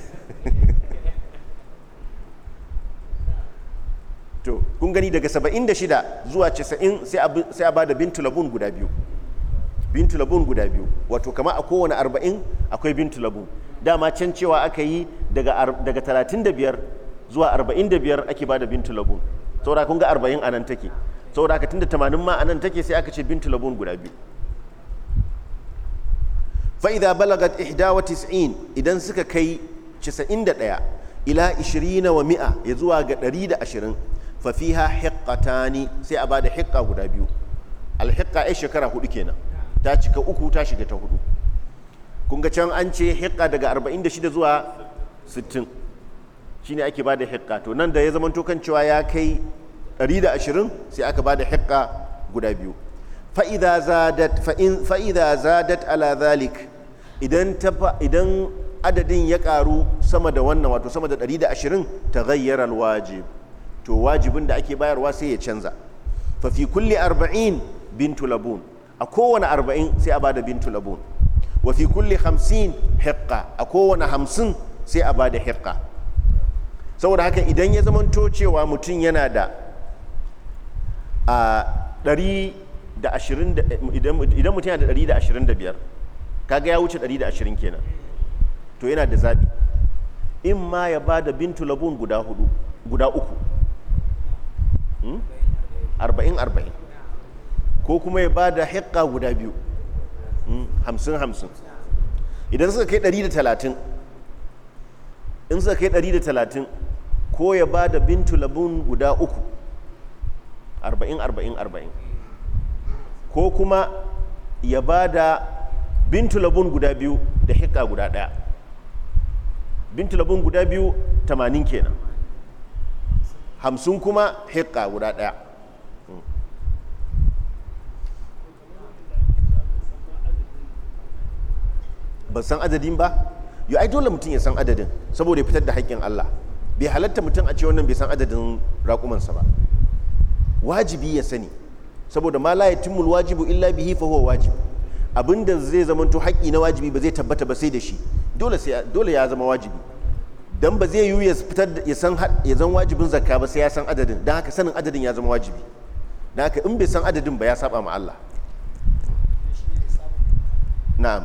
to kun gani daga 76 zuwa 90 sai a ba da bintu labun guda biyu bintu labun guda biyu wato kama a kowane 40 akwai bintu labun dama can cewa aka yi daga 35 zuwa 45 ake bada bintu labun saboda kun ga 40 anan take saboda haka tunda 80 ma anan take sai aka ce bintu labun guda biyu fa idza balagat 91 idan suka kai 91 ila 20 wa mi'a ya zuwa ga 120 fa fiha hiqqatani sai a bada hiqqa guda biyu al hiqqa ai shekara hudu kenan ta cika uku ta shiga ta hudu kun ga can an ce hiqqa daga 46 zuwa 60 shine ake ba da hiqqa to nan da ya zamanto kan cewa ya kai 120 sai aka ba da hiqqa guda biyu fa'iza zadat fa'iza zadat ala zalik idan idan adadin ya karu sama da wannan wato sama da 120 taghayyara alwajib to wajibin da ake bayarwa sai ya canza fa fi kulli 40 bintu labun a kowane 40 sai a bada bintu labun wa fi kulli 50 hiqqa a kowane 50 sai a bada hiqqa saboda haka idan ya zamanto cewa mutum yana da ɗari da ashirin idan mutum yana da ɗari da ashirin da biyar kaga ya wuce ɗari da ashirin kenan to yana da zaɓi in ma ya ba da bintu labun guda hudu guda uku hmm? arba'in arba'in ko kuma ya ba da hekka guda biyu hmm? hamsin hamsin idan suka kai ɗari da talatin in suka kai ɗari da talatin ko ya ba da bintu labun guda uku arba'in arba'in 40 ko kuma ya ba da bintu labun guda biyu da hikka guda ɗaya bintu labun guda biyu tamanin kenan hamsin kuma hikka guda ɗaya ban san adadin ba yau ai dole mutum ya san adadin saboda ya fitar da haƙƙin Allah bai halatta mutum a ce wannan bai san adadin raƙumansa ba wajibi ya sani saboda ma la yatimul wajibu illa bihi fa huwa wajib abinda zai zamanto haƙƙi na wajibi ba zai tabbata ba sai da shi dole sai dole ya zama wajibi dan ba zai yiwu ya fitar ya san ya zan wajibin zakka ba sai ya san adadin dan haka sanin adadin ya zama wajibi dan haka in bai san adadin ba ya saba ma Allah na'am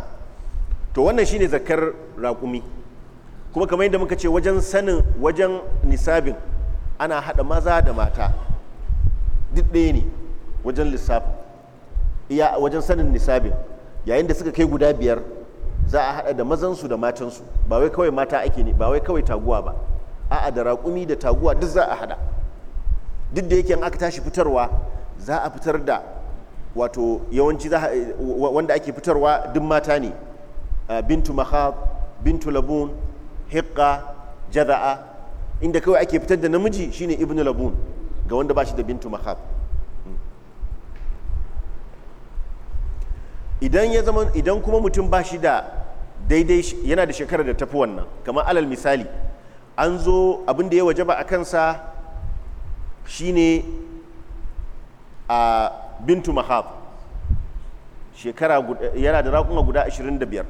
to wannan shine zakkar raƙumi kuma kamar yadda muka ce wajen sanin wajen nisabin ana haɗa maza da mata duk ɗaya ne wajen lissafin iya wajen sanin nisabin yayin da suka kai guda biyar za a haɗa da mazansu da matansu ba wai kawai mata ake ne ba wai kawai taguwa ba a'a da raƙumi da taguwa duk za a haɗa duk da yake aka tashi fitarwa za a fitar da wato yawanci wanda ake fitarwa duk mata ne ah, bintu mahab bintu labun hiqqa jada'a inda kawai ake fitar da namiji shine ibnu labun ga wanda ba shi da bintu mahab hmm. idan ya zama idan kuma mutum ba shi da daidai yana da shekarar da tafi wannan kamar alal misali an zo abin da ya wajaba a kansa shine a bintu mahab shekara yana da raƙuma guda 25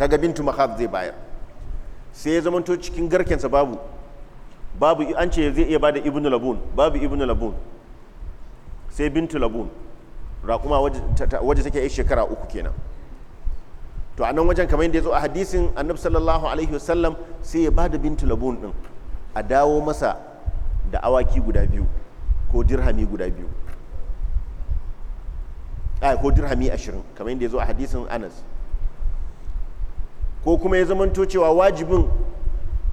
kaga bintu mahab zai bayar sai ya zamanto cikin garkensa babu babu an ce zai iya bada ibnu labun babu ibnu labun sai bintu labun raƙuma waje take yi shekara uku kenan to a nan wajen kamar yadda ya zo a hadisin annabi sallallahu alaihi wasallam sai ya bada bintu labun din a dawo masa da awaki guda biyu ko dirhami guda biyu ko dirhami ashirin kamar yadda ya zo a hadisin anas ko kuma ya zamanto cewa wajibin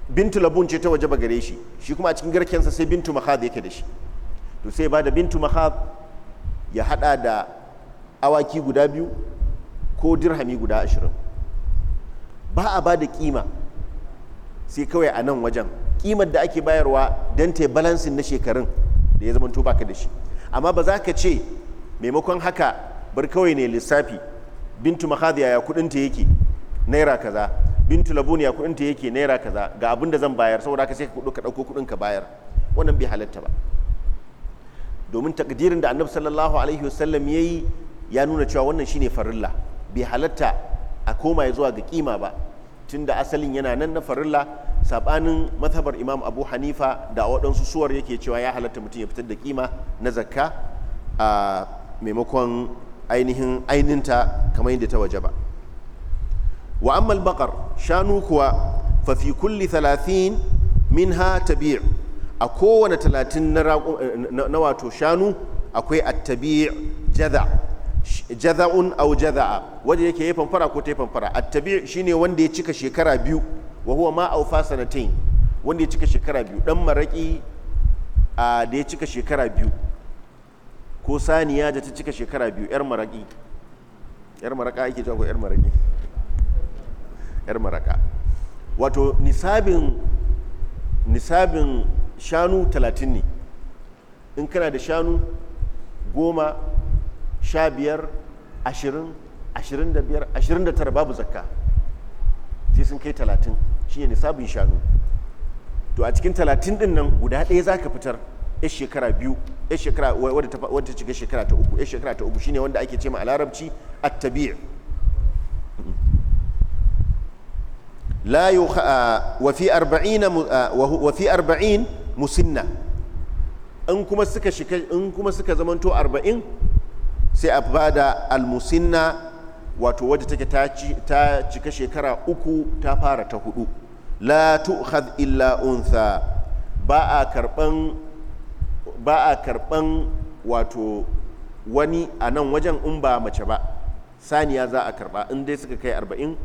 bintu labun ce ta waje ba gare shi shi kuma a cikin garkensa sai bintu mahad yake da shi to sai ba da bintu mahad ya hada da awaki guda biyu ko dirhami guda ashirin ba a ba da kima sai kawai a nan wajen kimar da ake bayarwa don ta balansin na shekarun da ya zamanto baka da shi amma ba za ka ce maimakon haka bar kawai ne lissafi bintu mahad yaya kudinta yake naira kaza bintu labuni ya ta yake naira kaza ga abin da zan bayar saboda ka sai ka kuɗu ka ɗauko ka bayar wannan bai halatta ba domin takdirin da annabi sallallahu alaihi wasallam ya ya nuna cewa wannan shine farilla bai halatta a koma zuwa ga kima ba tunda asalin yana nan na farilla sabanin mazhabar imam abu hanifa da waɗansu suwar yake cewa ya halatta mutum ya fitar da kima na zakka a maimakon ainihin aininta kamar yadda ta waje ba wa amma al shanu kuwa fafi kulli talatin min ha ta tabi' a kowane talatin na wato shanu akwai a at-tabi' jadha jadha'un aw jadha'a wanda yake yayin fanfara ko ta yi fanfara a at shi ne wanda ya cika shekara biyu wa huwa ma a awfa sanatain wanda ya cika shekara biyu dan maraƙi da ya cika shekara biyu ko saniya da ta cika shekara biyu yar maraƙi yar maraka ake jago yar maraƙi. 'yar maraka wato nisabin nisabin shanu talatin ne in kana da shanu goma sha biyar ashirin ashirin da biyar ashirin da tara babu zakka sai sun kai talatin shi ne nisabin shanu to a cikin talatin din nan guda ɗaya za ka fitar ya shekara biyu ya shekara wadda ta cika shekara ta uku ya shekara ta uku shine wanda ake ce ma a larabci at-tabi' la yu wa fi musinna in kuma suka shika in zamanto 40 sai a bada almusinna wato wadda ta cika shekara uku ta fara ta hudu la tu'khadh illa untha ba a karban wato wani a nan wajen in ba mace ba saniya za a karɓa in dai suka kai arba'in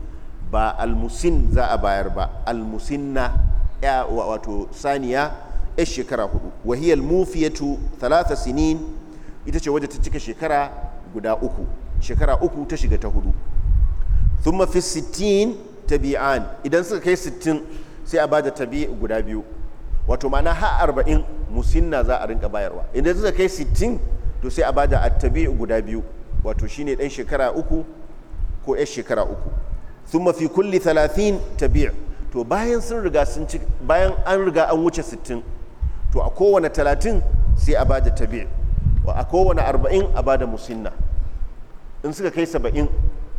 ba almusin za a bayar ba almusinna ya wato saniya ya shekara hudu wahiyar mufiyatu talata sinin ita ce wadda ta cika shekara guda uku shekara uku ta shiga ta hudu sun mafi sittin tabi'an idan suka kai sittin sai a bada tabi guda biyu wato mana ha arba'in musinna za a rinka bayarwa idan suka kai sittin to sai a bada tabi guda biyu wato shine dan shekara uku ko 'yar shekara uku sun mafi kulli 30 tabi' to bayan sun riga sun ci bayan an riga an wuce 60 to a kowane 30 sai a bada tabi' wa a kowane 40 a bada musinna in suka kai 70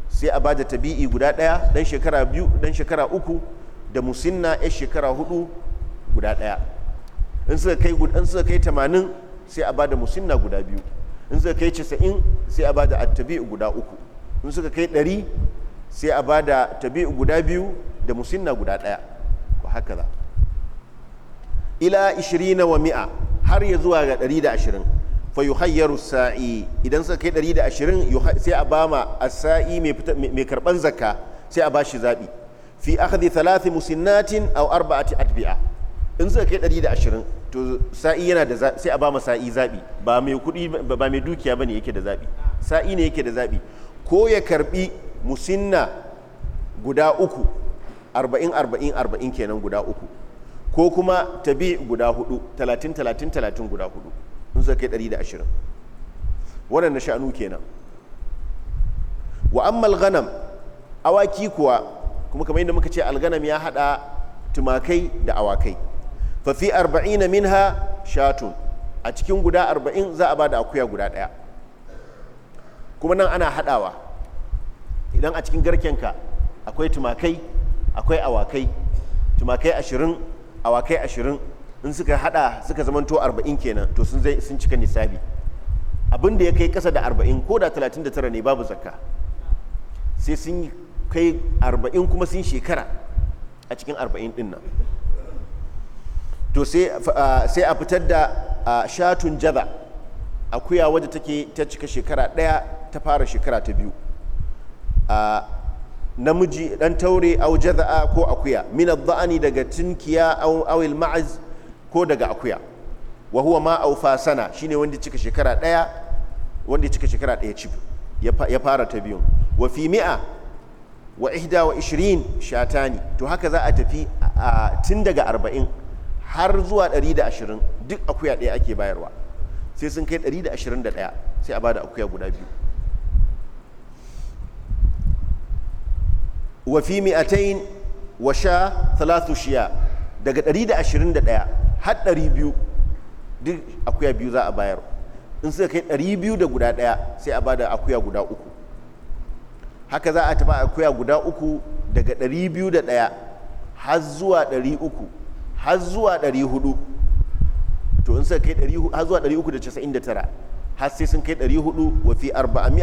sai a bada tabi'i guda daya dan shekara biyu dan shekara uku da musinna ya shekara hudu guda daya in suka kai in suka kai 80 sai a bada musinna guda biyu in suka kai 90 sai a bada attabi'u guda uku in suka kai 100 sai a ba da tabi'u guda biyu da musinna guda ɗaya ko haka za ila 20 wa mi'a har ya zuwa ga 120 fa yuhayyaru sa'i idan suka kai 120 sai a ba ma as-sa'i mai karban zakka sai a ba shi zabi fi akhdhi thalath musinnatin aw arba'ati atbi'a in suka kai 120 to sa'i yana da sai a ba ma sa'i zabi ba mai kudi ba mai dukiya bane yake da zabi sa'i ne yake da zabi ko ya karbi musinna guda uku arba'in arba'in 40 kenan guda uku ko kuma tabi guda hudu talatin talatin talatin guda hudu in suka kai ɗari da ashirin waɗanda sha'anu kenan wa ganam awaki kuwa kuma kamar yadda muka ce alganam ya haɗa tumakai da awakai fafi arba'ina na minha shatun a cikin guda arba'in za a ba da akuya guda ɗaya kuma nan ana haɗawa idan a cikin garkenka akwai tumakai akwai awakai tumakai ashirin awakai ashirin in suka hada suka zamanto arba'in kenan to sun sun cika nisabi abin da ya kai kasa da arba'in ko da talatin da tara ne babu zakka sai sun kai arba'in kuma sun shekara a cikin arba'in din nan to sai a fitar da shatun jaza akuya wadda take ta cika shekara ɗaya ta fara shekara ta biyu namiji dan taure au jaza'a ko akuya min adh daga tinkiya au awil ma'az ko daga akuya wa huwa ma au fasana shine wanda cika shekara daya wanda cika shekara daya cib ya fara ta biyun wa fi mi'a wa ihda wa ishirin shatani to haka za a tafi tun daga arba'in har zuwa ɗari da ashirin duk akuya ɗaya ake bayarwa sai sun kai ɗari da ashirin da ɗaya sai a bada akuya guda biyu wa fi mi'atain wa sha thalathu shiya daga 121 har 200 duk akuya biyu za a bayar in suka kai 200 da guda daya sai a bada akuya guda uku haka za a taba akuya guda uku daga 201 har zuwa 300 har zuwa 400 to in suka kai 300 har zuwa 399 har sai sun kai 400 wa fi 400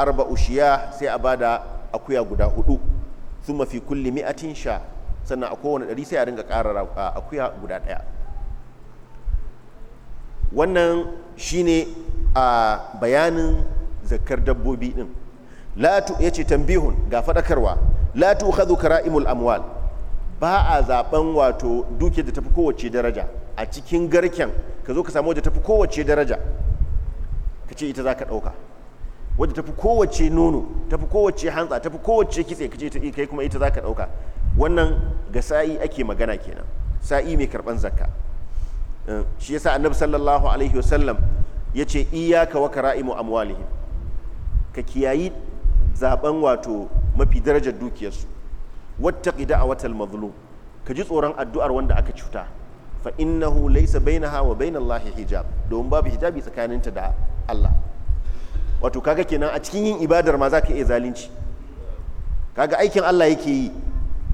arba'u shiya sai a bada akuya guda hudu su mafi kulli mi'atin sha sannan a kowane ɗari sai a ringa ƙara akuya guda ɗaya wannan shine a bayanin zakar dabbobi ɗin latu ya ce tambihun ga faɗakarwa latu kara imul amwal ba a zaɓen wato duke da tafi kowace daraja a cikin garken ka zo ka samu wajen tafi kowace daraja ka ce ita za ka ɗauka wadda tafi kowace nono tafi kowace hantsa tafi kowace kitse kace ta kai kuma ita zaka dauka wannan ga sa'i ake magana kenan sa'i mai karban zakka eh, shi yasa annabi sallallahu alaihi wasallam yace iyyaka wa kara'imu amwalihim ka kiyayi zaben wato mafi darajar dukiyarsu wattaqi da'watal mazlum ka ji tsoron addu'ar wanda aka cuta fa innahu laysa bainaha wa bainallahi hijab domin babu hijabi tsakaninta da Allah wato kaga kenan a cikin yin ibadar ma zaka iya zalunci kaga aikin Allah yake yi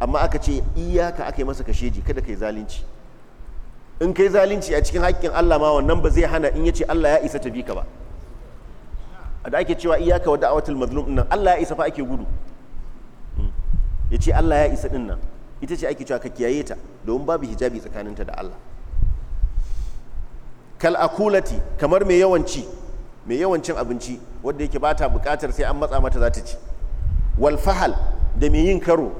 amma aka ce iyaka aka yi masa kasheji kada ka yi zalunci in kai zalunci a cikin haƙƙin Allah ma wannan ba zai hana in yace Allah ya isa ta bi ka ba da ake cewa iyaka wa da'awatul mazlum nan Allah ya isa fa ake gudu hmm. yace Allah ya isa dinnan ita ce ake cewa ka kiyaye ta domin babu hijabi tsakaninta da Allah kal akulati kamar mai yawan ci mai yawan cin abinci wadda yake ba ta bukatar sai an matsa mata za ta ci walfahal da mai yin karo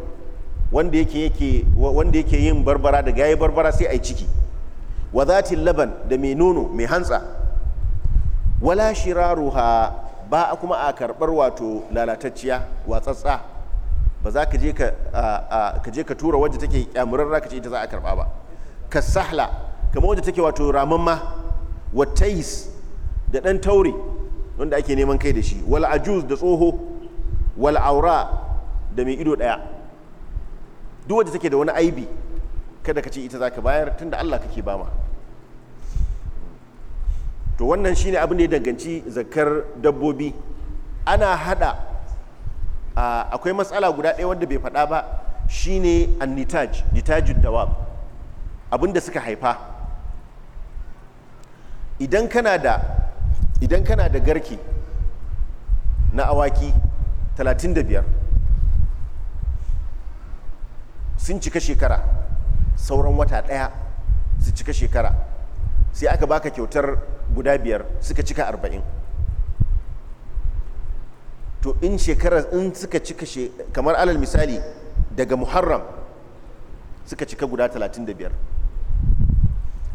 wanda yake yin barbara da gaye barbara sai a ciki wa zatin laban da mai nono mai hantsa wala shiraruha ba a kuma a karbar wato lalatacciya watsatsa ba za ka je ka tura wadda take kyamurarra ka ce ita za a karɓa ba ka sahla kamar wadda take wato ramamma wa tais da ɗan taure wanda ake neman kai da shi wal ajuz da tsoho wal aura da mai ido ɗaya duk wadda take da wani aibi kada ka ce ita za ka bayar tunda Allah kake bama to wannan shine abin da ya danganci zakar dabbobi ana hada akwai matsala guda ɗaya wanda bai faɗa ba shine annitaj nitajin dawab abin da suka haifa idan kana da idan kana da garke na awaki 35 sun cika shekara sauran wata ɗaya su cika shekara sai aka baka kyautar guda biyar suka cika 40 to in shekara in suka cika kamar alal misali daga muharram suka cika guda 35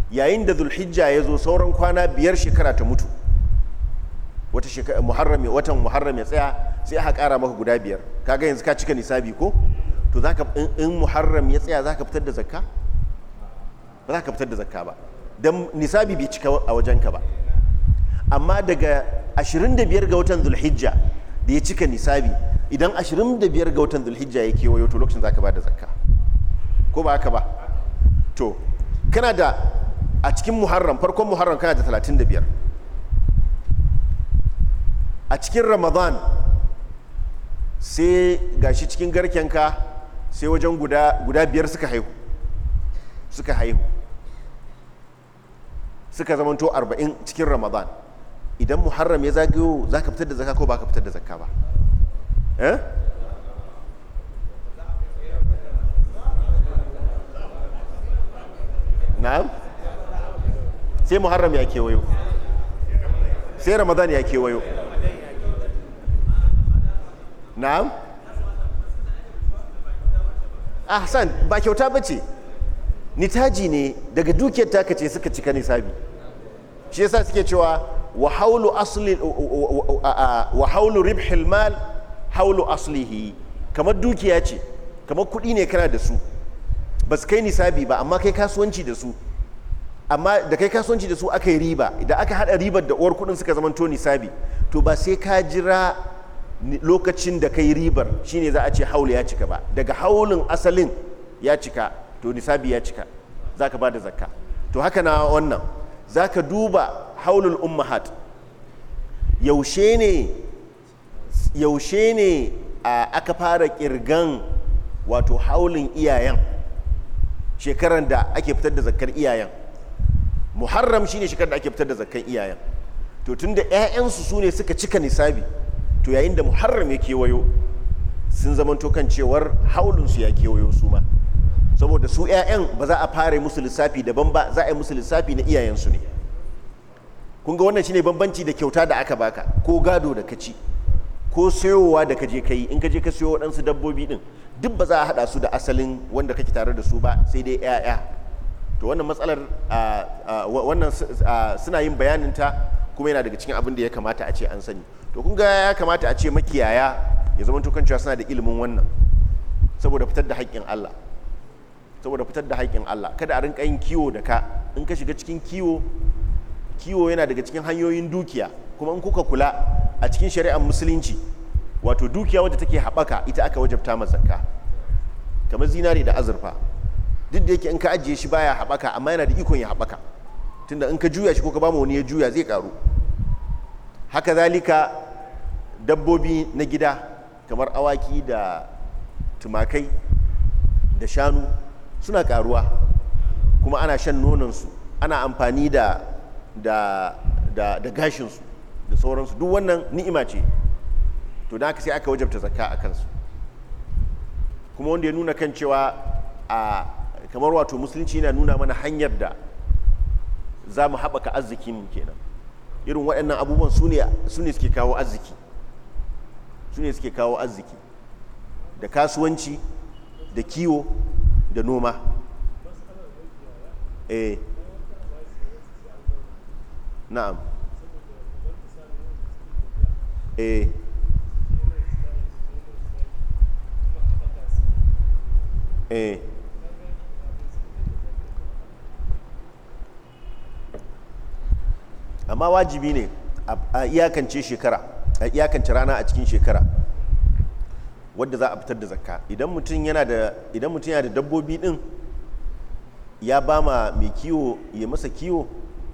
yayin da zulhijja ya zo sauran kwana biyar shekara ta mutu wata shekara muharram watan muharram ya tsaya sai aka kara maka guda biyar kaga yanzu ka cika nisabi ko to zaka in muharram ya tsaya zaka fitar da zakka ba zaka fitar da zakka ba dan nisabi bai cika a wajenka ba amma daga 25 ga watan zulhijja da ya cika nisabi idan 25 ga watan zulhijja ya kewayo to lokacin zaka ba da zakka ko ba haka ba to kana da a cikin muharram farkon muharram kana da 35 a cikin ramadan sai gashi cikin garkenka sai wajen guda biyar suka haihu suka haihu suka zamanto arba'in cikin ramadan idan muharram ya zagayo za ka fitar da zaka ko ba ka fitar da zakka ba eh? na'am sai muharram ya kewayo sai ramadan ya kewayo na'am ahsan ba kyauta ba ce taji ne daga dukiyar taka ce suka cika nisabi shi yasa suke cewa wa haulu asli wa haulu ribhil mal haulu aslihi kamar dukiya ce kamar kuɗi ne kana da su ba su kai nisabi ba amma kai kasuwanci da su amma da kai kasuwanci da su aka yi riba idan aka hada ribar da uwar kuɗin suka zamanto nisabi to ba sai ka jira lokacin da kai ribar shine za a ce haul ya cika ba daga haulin asalin ya cika to nisabi ya cika za ka ba da zakka to haka na wannan za ka duba haulul ummahat yaushe ne yaushe ne aka fara kirgan wato haulin iyayen shekaran da ake fitar da zakkar iyayen muharram shine shekarar da ake fitar da zakkar iyayen to tunda 'ya'yansu su ne suka cika nisabi to yayin da muharram ya kewayo sun zamanto kan cewar haulinsu ya kewayo su ma saboda su 'ya'yan ba za a fara musu lissafi daban ba za a yi musu lissafi na iyayensu ne kun ga wannan shine bambanci da kyauta da aka baka ko gado da kaci ko sayowa da kaje ka yi in je ka sayo waɗansu dabbobi ɗin duk ba za a haɗa su da asalin wanda kake tare da su ba sai dai 'ya'ya to wannan matsalar wannan suna yin bayaninta kuma yana daga cikin abin da ya kamata a ce an sani to kun ga ya kamata a ce makiyaya ya zama tukan cewa suna da ilimin wannan saboda fitar da haƙƙin Allah saboda fitar da haƙƙin Allah kada a rinka yin kiwo da ka in ka shiga cikin kiwo kiwo yana daga cikin hanyoyin dukiya kuma in kuka kula a cikin shari'ar musulunci wato dukiya wadda take haɓaka ita aka wajabta ma zakka kamar zinari da azurfa duk da yake in ka ajiye shi baya haɓaka amma yana da ikon ya haɓaka tunda in ka juya shi ko ka ba wani ya juya zai ƙaru. haka zalika dabbobi na gida kamar awaki da tumakai da shanu suna karuwa kuma ana shan nonansu ana amfani da da da, da gashinsu da sauransu duk wannan ni'ima ce to da haka sai aka wajabta zakka a kansu kuma wanda ya nuna kan cewa a kamar wato musulunci yana nuna mana hanyar da za mu haɓaka mu kenan irin waɗannan abubuwan su ne suke kawo arziki su ne suke kawo arziki da kasuwanci da kiwo da noma eh na'am eh eh amma wajibi ne a iyakance shekara a iyakance rana a cikin shekara wadda za a fitar da zakka idan mutum yana da idan mutum yana da dabbobi din ya ba ma mai kiwo ya masa kiwo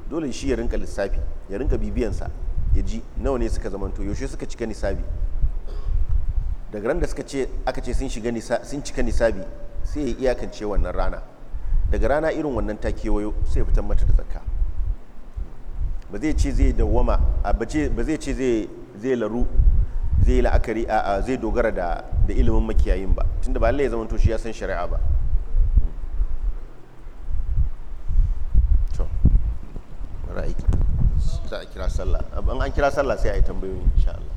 dole shi ya rinka lissafi ya rinka bibiyansa ya ji nawa ne suka zamanto yaushe suka cika nisabi daga ran da suka ce aka ce sun shiga sun cika nisabi sai ya iyakance wannan rana daga rana irin wannan ta kewayo sai ya fitar mata da zakka ba zai ce zai dawwama ba zai ce zai laru zai la'akari a zai dogara da ilimin makiyayin ba tunda ba lai ya zama shi ya san shari'a ba za a kira sallah an kira sallah sai a yi tambayoyi insha Allah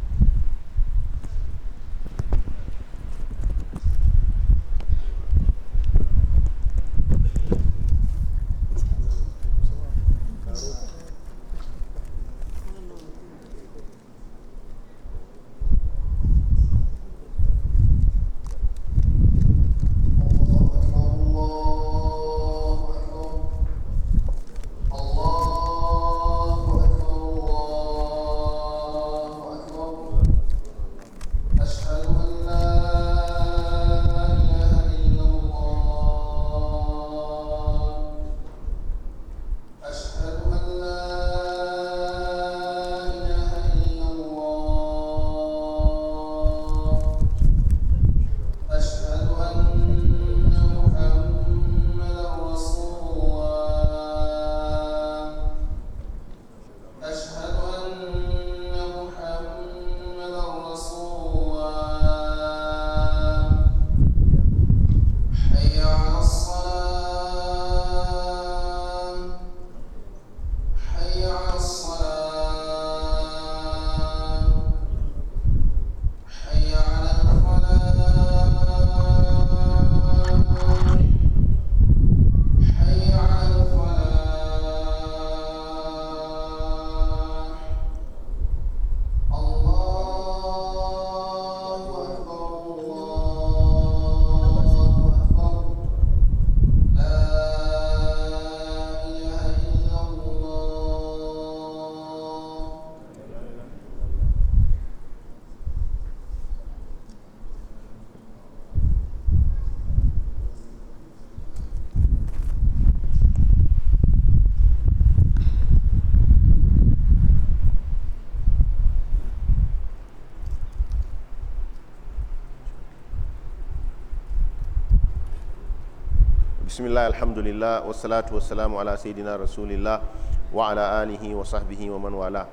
bismillah alhamdulillah wassalatu wassalamu ala sayidina rasulillah wa ala alihi wa sahbihi wa man wala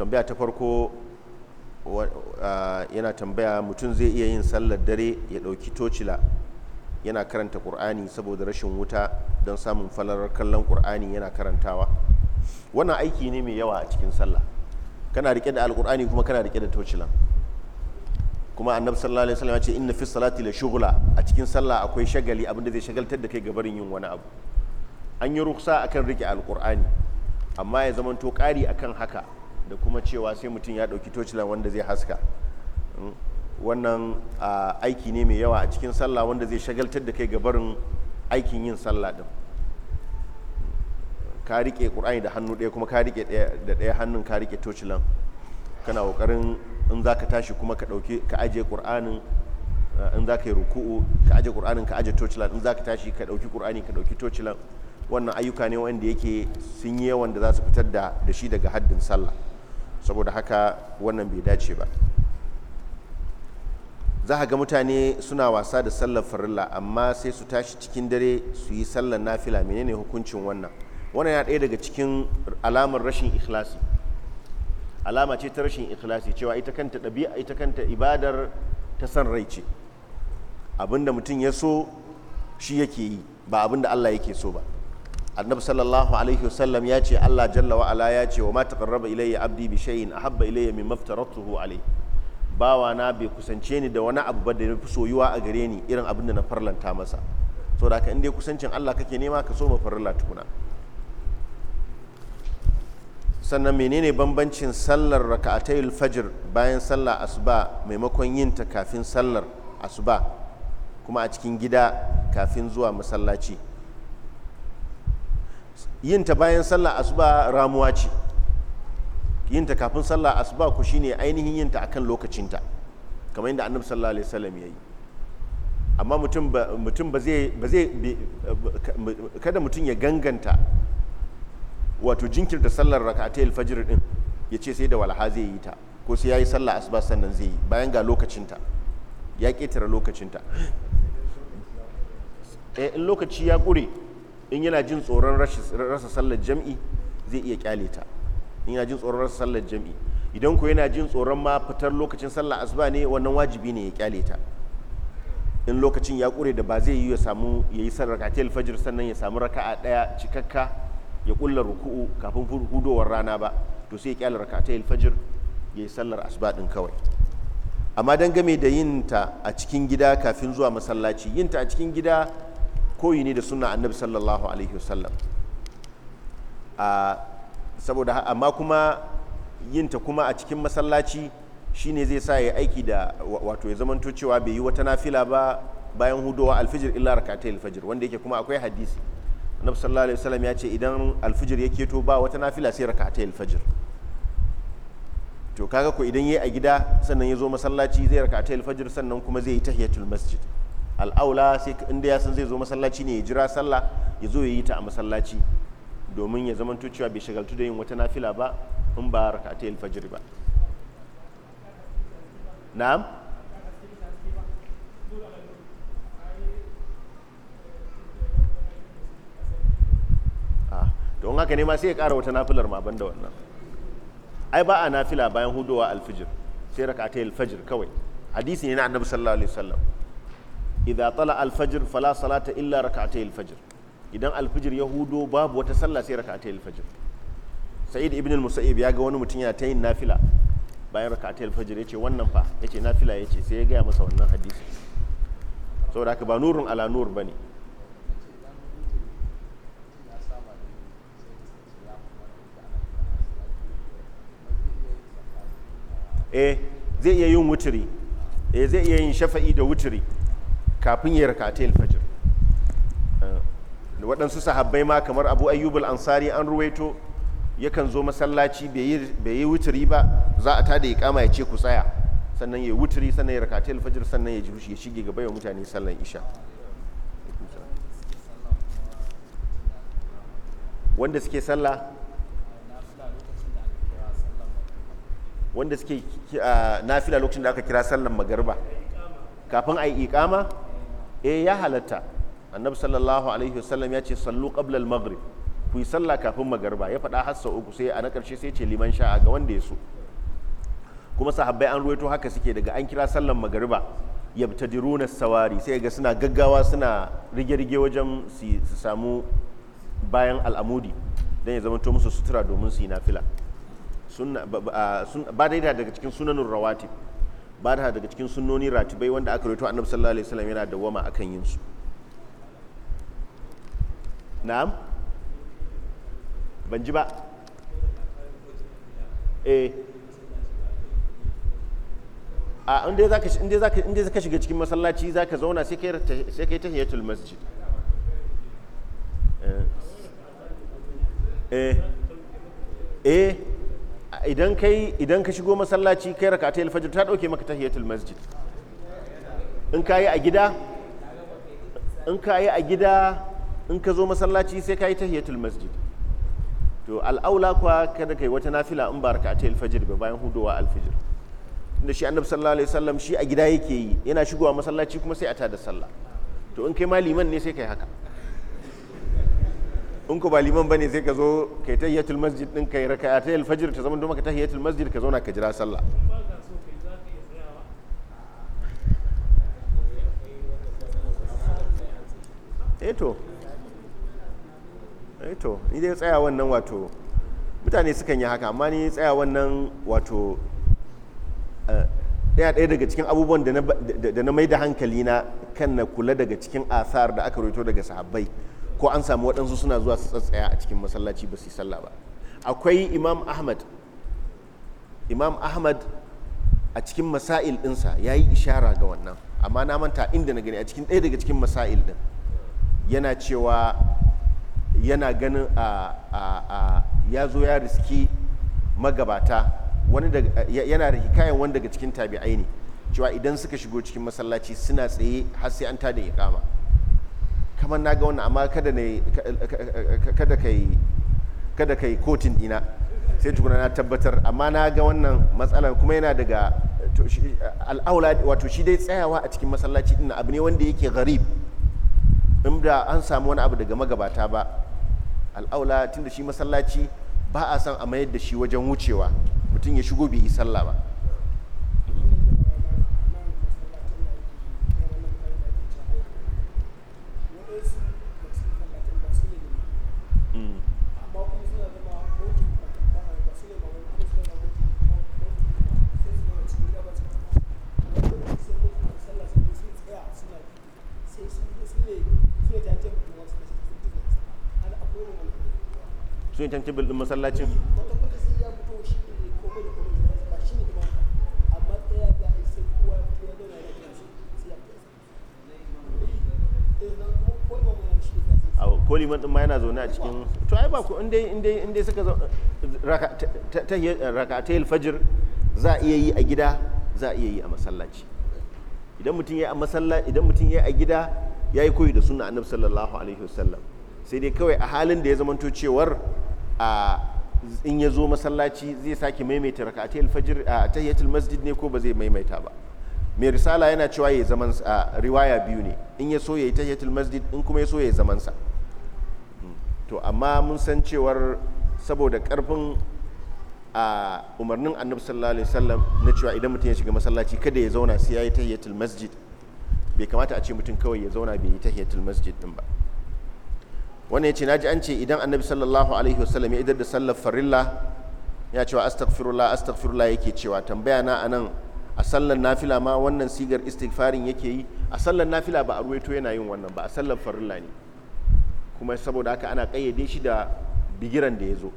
tambaya ta farko yana tambaya mutum zai iya yin sallar dare ya ɗauki tocila yana karanta kur'ani saboda rashin wuta don samun falar kallon ƙur'ani yana karantawa wannan aiki ne mai yawa a cikin sallah kana rike da alkurani kuma kana rike da tocilan kuma annabi sallallahu alaihi wasallam ya ce inna fi salati la shughla a cikin sallah akwai shagali abin da zai shagaltar da kai ga barin yin wani abu an yi ruksa akan rike alqur'ani amma ya zaman to ƙari akan haka da kuma cewa sai mutum ya ɗauki tocilan wanda zai haska hmm? wannan aiki ne mai yawa a cikin sallah wanda zai shagaltar da kai ga barin aikin yin sallah din ka rike ƙur'ani da hannu ɗaya kuma ka rike da ɗaya hannun ka rike tocilan kana ƙoƙarin in za ka tashi kuma ka ɗauke ka ajiye ƙur'anin eh, in za ka yi ruku'u ka ajiye ƙur'anin ka ajiye tocilan in za ka tashi ka ɗauki ƙur'ani ka ɗauki tocilan wannan ayyuka ne wanda yake sun yi yawan da za su fitar da da shi daga haddin sallah saboda haka wannan bai dace ba za ka ga mutane suna wasa da sallar farilla amma sai su tashi cikin dare su yi sallar nafila menene hukuncin wannan wannan ya ɗaya daga cikin alamar rashin ikhlasi alama ce ta rashin ikhlasi cewa ita kanta ɗabi'a ita kanta ibadar ta san rai ce abinda mutum ya so shi yake yi ba abinda Allah yake so ba annabi sallallahu alaihi wasallam ya ce Allah jalla wa ala ya ce wa ma taqarraba ilayya abdi bi shay'in ahabba ilayya mimma aftaratuhu alayhi bawa na bai kusance ni da wani abu ba da fi soyuwa a gare ni irin abinda na farlanta masa saboda haka in dai kusancin Allah kake nema ka so ma farilla tukuna sannan menene bambancin sallar raka'atayil fajr bayan sallar asuba maimakon yin ta kafin sallar asuba kuma a cikin gida kafin zuwa masallaci yin ta bayan sallar asuba ramuwa ce yin ta kafin sallar asuba ku shine ainihin yin ta akan lokacinta kamar yadda annabi sallallahu alaihi wasallam yayi amma mutum ba zai eh, kada mutum ya ganganta wato jinkirta sallar rak'atai alfajir din ya ce sai da walha zai yi ta ko sai ya yi sallar asuba sannan zai yi bayan ga lokacinta ya ƙetare lokacinta eh in lokaci ya kure in yana jin tsoron rasa sallar jam'i zai iya kyale ta in yana jin tsoron rasa sallar jam'i idan ko yana jin tsoron ma fitar lokacin sallar asuba ne wannan wajibi ne ya kyale ta in lokacin ya kure da ba zai yi ya samu ya yi sallar rakatai alfajir sannan ya samu raka'a daya cikakka ya kulla ruku'u kafin hudowar rana ba to sai ya kyala rakatai alfajir ya yi sallar asuba din kawai amma dan game da yin ta a cikin gida kafin zuwa masallaci yin ta a cikin gida koyi ne da sunna annabi sallallahu alaihi wasallam a saboda amma kuma yin ta kuma a cikin masallaci shine zai sa ya aiki da wato ya zamanto cewa bai yi wata nafila ba bayan hudowa alfajir illa rakatai alfajir wanda yake kuma akwai hadisi annabi sallallahu alaihi wasallam ya ce idan alfijir ya keto ba wata nafila sai rak'atai alfajir to kaga ko idan yayi a gida sannan ya zo masallaci zai rak'atai alfajir sannan kuma zai yi tahiyatul masjid al'aula sai inda ya san zai zo masallaci ne ya jira sallah ya zo ya yi ta a masallaci domin ya zamanto cewa bai shagaltu da yin wata nafila ba in ba rak'atai alfajir ba na'am to in haka ne ma sai ya ƙara wata nafilar ma banda wannan ai ba a nafila bayan hudowa alfijir sai raka ta alfajir kawai hadisi ne na annabi sallallahu alaihi wasallam idza tala alfajir fala salata illa rak'atay alfajir idan alfijir ya hudo babu wata sallah sai rak'atay alfajir sa'id ibn al-musayyib ya ga wani mutum yana ta yin nafila bayan rak'atay alfajir yace wannan fa yace nafila yace sai ya gaya masa wannan hadisi saboda haka ba nurun ala nur bane eh zai iya yin wuturi eh zai iya yin shafa'i da wuturi kafin ya rakata alfajir eh, waɗansu sahabbai ma kamar abu ayyub al-ansari an ruwaito yakan zo masallaci bai yi wuturi ba za a tada ya kama ya ce ku tsaya sannan ya wuturi sannan ya rakata alfajir sannan ya ya shige gaba ya mutane sallan isha wanda suke sallah wanda suke nafila lokacin da aka kira sallan magariba kafin a yi ikama eh ya halatta annabi sallallahu alaihi wasallam ya ce sallu qabla al-maghrib ku yi sallah kafin magariba ya faɗa har sau uku sai a na ƙarshe sai ce liman sha'a ga wanda ya so kuma sahabbai an ruwaito haka suke daga an kira sallan magariba yabtadiruna sawari sai ga suna gaggawa suna rige-rige wajen su samu bayan al'amudi don ya zama to musu sutura domin su yi nafila ba daidai ah, daga cikin sunanin rawati ba da daga cikin sunoni ratibai wanda aka rito annabi sallallahu alaihi wasallam yana dawwama akan yin su na'am ban ji ba eh a ah, inda zaka inda zaka inda zaka shiga cikin masallaci zaka zauna sai kai sai kai tahiyatul masjid eh eh, eh. idan kai idan ka shigo masallaci kai rak'atai alfajir ta dauke maka tahiyatul masjid in kayi a gida in a gida in ka zo masallaci sai kayi tahiyatul masjid to al'aula kuwa kada kai wata nafila in ba rak'atai alfajir ba bayan hudowa alfajir inda shi annabi sallallahu alaihi wasallam shi a gida yake yi yana shigowa masallaci kuma sai a tada sallah to in kai maliman ne sai kai haka in ku ba liman bane sai ka zo kai tahiyatul masjid din kai raka'atul fajr ta zama don maka tahiyatul masjid ka zauna ka jira sallah eto eh eto eh ni dai tsaya wannan wato mutane sukan yi haka amma ni tsaya wannan wato eh, ɗaya ɗaya daga cikin abubuwan da na mai da hankali na kan na kula daga cikin asar da aka rito daga sahabbai ko an samu waɗansu suna zuwa su tsatsaya a cikin masallaci ba su yi sallah ba akwai imam ahmad imam ahmad a cikin masail ɗinsa ya yi ishara ga wannan amma na manta inda na gani a cikin ɗaya daga cikin masail ɗin yana cewa yana ganin a ya zo ya riski magabata wani yana da hikayen wani daga cikin tabi'ai ne cewa idan suka shigo cikin masallaci suna tsaye har sai an tada iqama kamar na ga wannan amma kada ne kada kai kada kai kotin dina sai tukuna na tabbatar amma na ga wannan matsalar kuma yana daga al'aula wato shi dai tsayawa a cikin masallaci din abu ne wanda yake garib in da an samu wani abu daga magabata ba al'aula tunda shi masallaci ba a san a mayar da shi wajen wucewa mutum ya shigo bai yi sallah ba sun yi timetable din masallacin ko liman din ma yana zaune a cikin to ai ba ku inda dai in dai in raka suka raka'atayil fajr za iya yi a gida za iya yi a masallaci idan mutum yayi a masallaci idan mutum yayi a gida yayi koyi da sunna annabi sallallahu alaihi wasallam sai dai kawai a halin da ya zamanto cewar a in ya zo masallaci zai sake maimaita raka'atul fajr a tahiyatul masjid ne ko ba zai maimaita ba mai risala yana cewa ya zaman a riwaya biyu ne in ya so ya yi tahiyatul masjid in kuma ya so ya yi zaman sa hmm. to amma mun san cewar saboda karfin a umarnin annabi sallallahu alaihi wasallam na cewa idan mutum ya shiga masallaci kada ya zauna sai ya yi tahiyatul masjid bai kamata a ce mutum kawai ya zauna bai yi tahiyatul masjid din ba wani ya ce na ji an ce idan annabi sallallahu alaihi wasallam ya idar da sallar farilla ya cewa astaghfirullah astaghfirullah yake cewa tambaya na anan a sallar nafila ma wannan sigar istighfarin yake yi a sallar nafila ba a ruwaito yana yin wannan ba a sallar farilla ne kuma saboda haka ana kayyade shi da bigiran da ya zo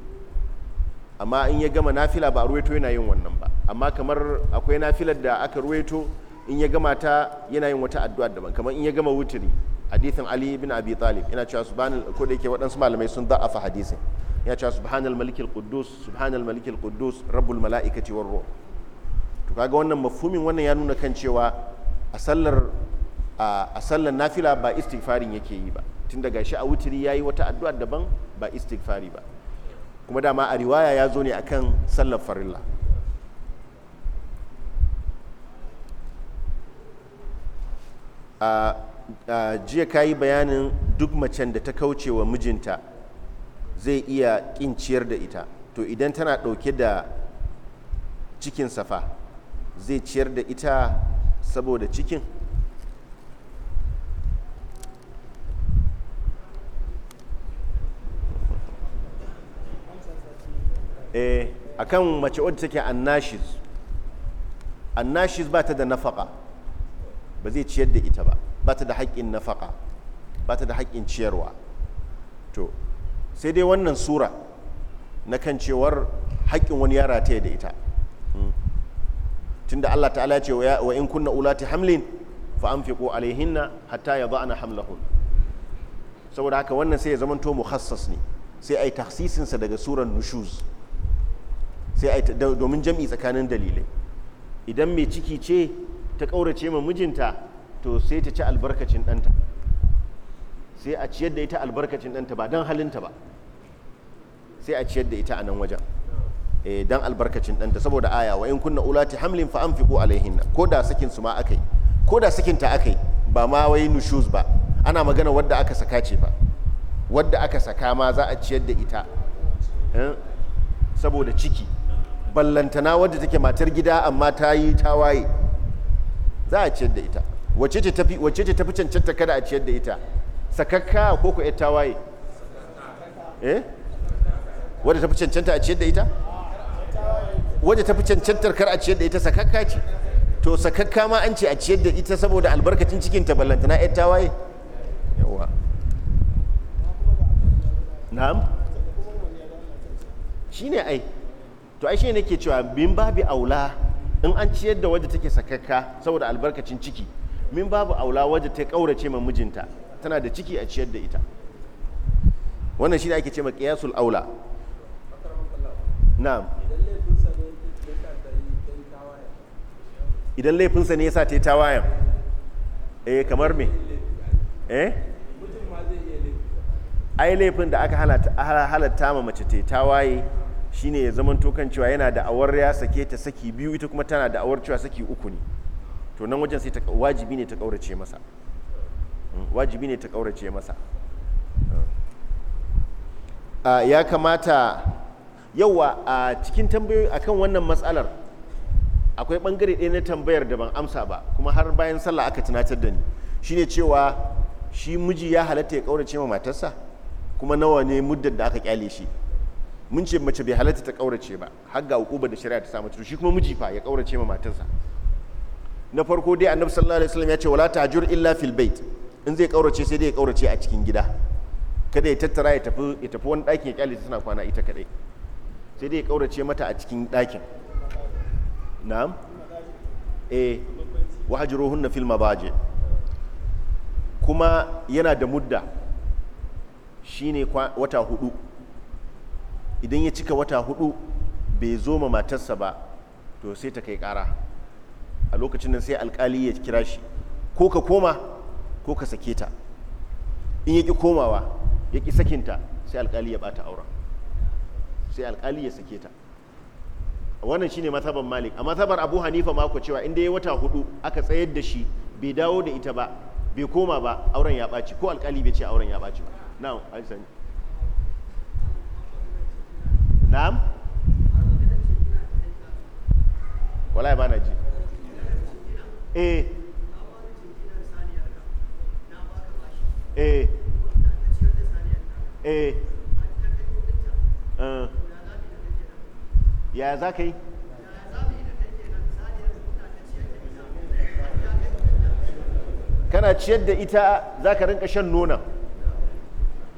amma in ya gama nafila ba a ruwaito yana yin wannan ba amma kamar akwai nafilar da aka ruwaito in ya gama ta yana yin wata addu'a daban kamar in ya gama wutiri hadithin ali bin abi talib ina cewa subhanal ko da yake waɗansu malamai sun da'afa hadisin ya cewa subhanal malikil quddus subhanal malikil quddus rabbul malaikati war ruh to kaga wannan mafhumin wannan ya nuna kan cewa a sallar a sallar nafila ba istighfarin yake yi ba tun daga shi a wutiri yayi wata addu'a daban ba istighfari ba kuma dama a riwaya ya zo ne akan sallar farilla a jiya ka yi bayanin duk macen da ta kauce wa mijinta zai iya ciyar da ita to idan tana ɗauke da cikin safa zai ciyar da ita saboda cikin eh, a akan mace wadda take annashiz annashiz ba ta da nafaka ba zai ciyar da ita ba ba ta da haƙƙin nafaka ba ta da haƙƙin ciyarwa to sai dai wannan sura na kan cewar haƙƙin wani yara ta da ita hmm. tunda Allah ta'ala ce wa in kunna ulati hamlin fa anfiqu alaihinna hatta yada'na hamlahun saboda haka wannan sai ya zamanto mukhassas ne sai ai takhsisin sa daga suran nushuz sai ai domin jam'i tsakanin dalilai idan mai ciki ce ta kaurace ma mijinta to sai ta ci albarkacin ɗanta sai a ciyar da ita albarkacin ɗanta ba don halinta ba sai a ciyar da ita a nan wajen eh, don albarkacin ɗanta saboda aya wa in kunna ulati hamlin fa anfiqu alaihinna ko da sakin su ma akai ko da sakin ta akai ba ma wai nushuz ba ana magana wadda aka saka ce fa wadda aka saka ma za a ciyar da ita eh, saboda ciki ballantana wadda take matar gida amma ta yi ta waye za a ciyar da ita wacce ce tafi wacce ce tafi cancanta kada a ciyar da ita sakakka ko ku ita tawaye eh wadda tafi cancanta a ciyar da ita wadda tafi cancantar kar a ciyar da ita sakakka ce to sakakka ma an ce a ciyar da ita saboda albarkacin cikin ta ballantana yar tawaye yawa na'am shine ai to ai shine nake cewa bin babi aula in an ciyar da wadda take sakakka saboda albarkacin ciki min babu aula waje ta kaurace ma mijinta tana da ciki a ciyar da ita wannan shi da ake ce ma kiyasul aula na'am idan laifinsa ne ya sa ta yi tawaya eh kamar me eh ai laifin da aka halatta ma mace ta yi tawaye shine ya zama kan cewa yana da awar ya sake ta saki biyu ita kuma tana da awar cewa saki uku ne to nan wajen sai ta wajibi ne ta kaurace masa hmm, wajibi ne ta kaurace masa hmm. ah, ya kamata yawa a cikin tambayoyi akan wannan matsalar akwai bangare ɗaya na tambayar da ban amsa ba kuma har bayan sallah aka tunatar da ni shine cewa shi miji ya halatta ya kaurace ma matarsa kuma nawa ne muddar da aka kyale shi mun ce mace bai halatta ta kaurace ba har ga hukuma da shari'a ta samu shi kuma miji fa ya kaurace ma matarsa na farko dai annabi sallallahu alaihi wasallam ya ce wala tajur illa fil bait in zai kaurace sai dai ya kaurace a cikin gida kada ya tattara ya tafi ya tafi wani ɗakin ya kyale tana kwana ita kadai sai dai ya kaurace mata a cikin ɗakin na'am eh wa hajruhunna fil mabaji kuma yana da mudda shine wata hudu idan ya cika wata hudu bai zo ma matarsa ba to sai ta kai kara a lokacin nan sai alkali ya kira shi ko ka koma ko ka sake ta in ya ƙi komawa ya ƙi sakinta sai alkali ya bata auren sai alkali ya sake ta wannan shine mazhaban malik a mazhabar abu hanifa mako cewa inda ya wata hudu aka tsayar da shi bai dawo da ita ba bai koma ba auren ya baci ko alkali bai ce auren ya baci. ba na'am alisani na'am wallahi bana ji eh eh eh yaya za ka yi kana ciyar da ita za ka rinka shan nona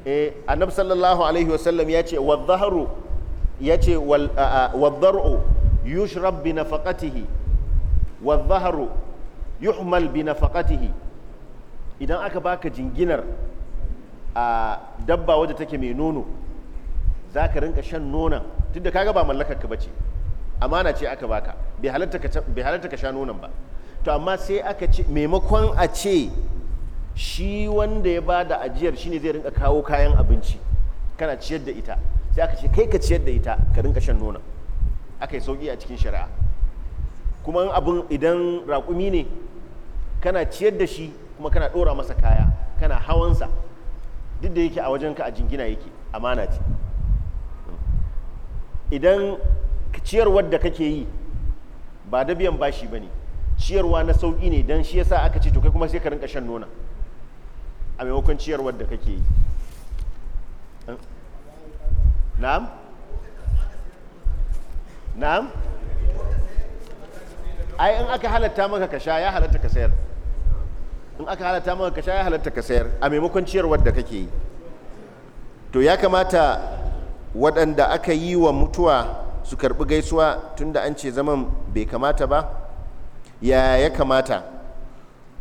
eh annab sallallahu alaihi wasallam ya ce wadharu ya ce wadharu yushrab bi nafaqatihi wadharu yuhmal bi nafaqatihi idan aka baka jinginar a dabba wadda take mai nono za ka rinka shan nonon tun kaga ba mallakar ka bace amana ce aka baka bai halarta ka sha nonon ba to amma sai aka ce maimakon a ce shi wanda ya ba da ajiyar shine zai rinka kawo kayan abinci kana ciyar da ita sai aka ce kai ka ciyar da ita ka rinka shan nonon aka yi sauki a cikin shari'a kuma abin idan raƙumi ne kana ciyar da shi kuma kana ɗora masa kaya kana hawansa duk da yake a wajenka a jingina yake amana ce idan ciyarwar da kake yi ba da biyan bashi ba ne ciyarwa na sauƙi ne don shi ya sa aka ce to kai kuma sai ka rinka shan nona a maimakon ciyarwar da kake yi na'am na'am ai in aka halatta maka ka sha ya halatta ka sayar in aka halatta maka ka sha ya halatta ka sayar a maimakon ciyarwar da kake yi to ya kamata waɗanda aka yi wa mutuwa su karɓi gaisuwa tunda an ce zaman bai kamata ba ya ya kamata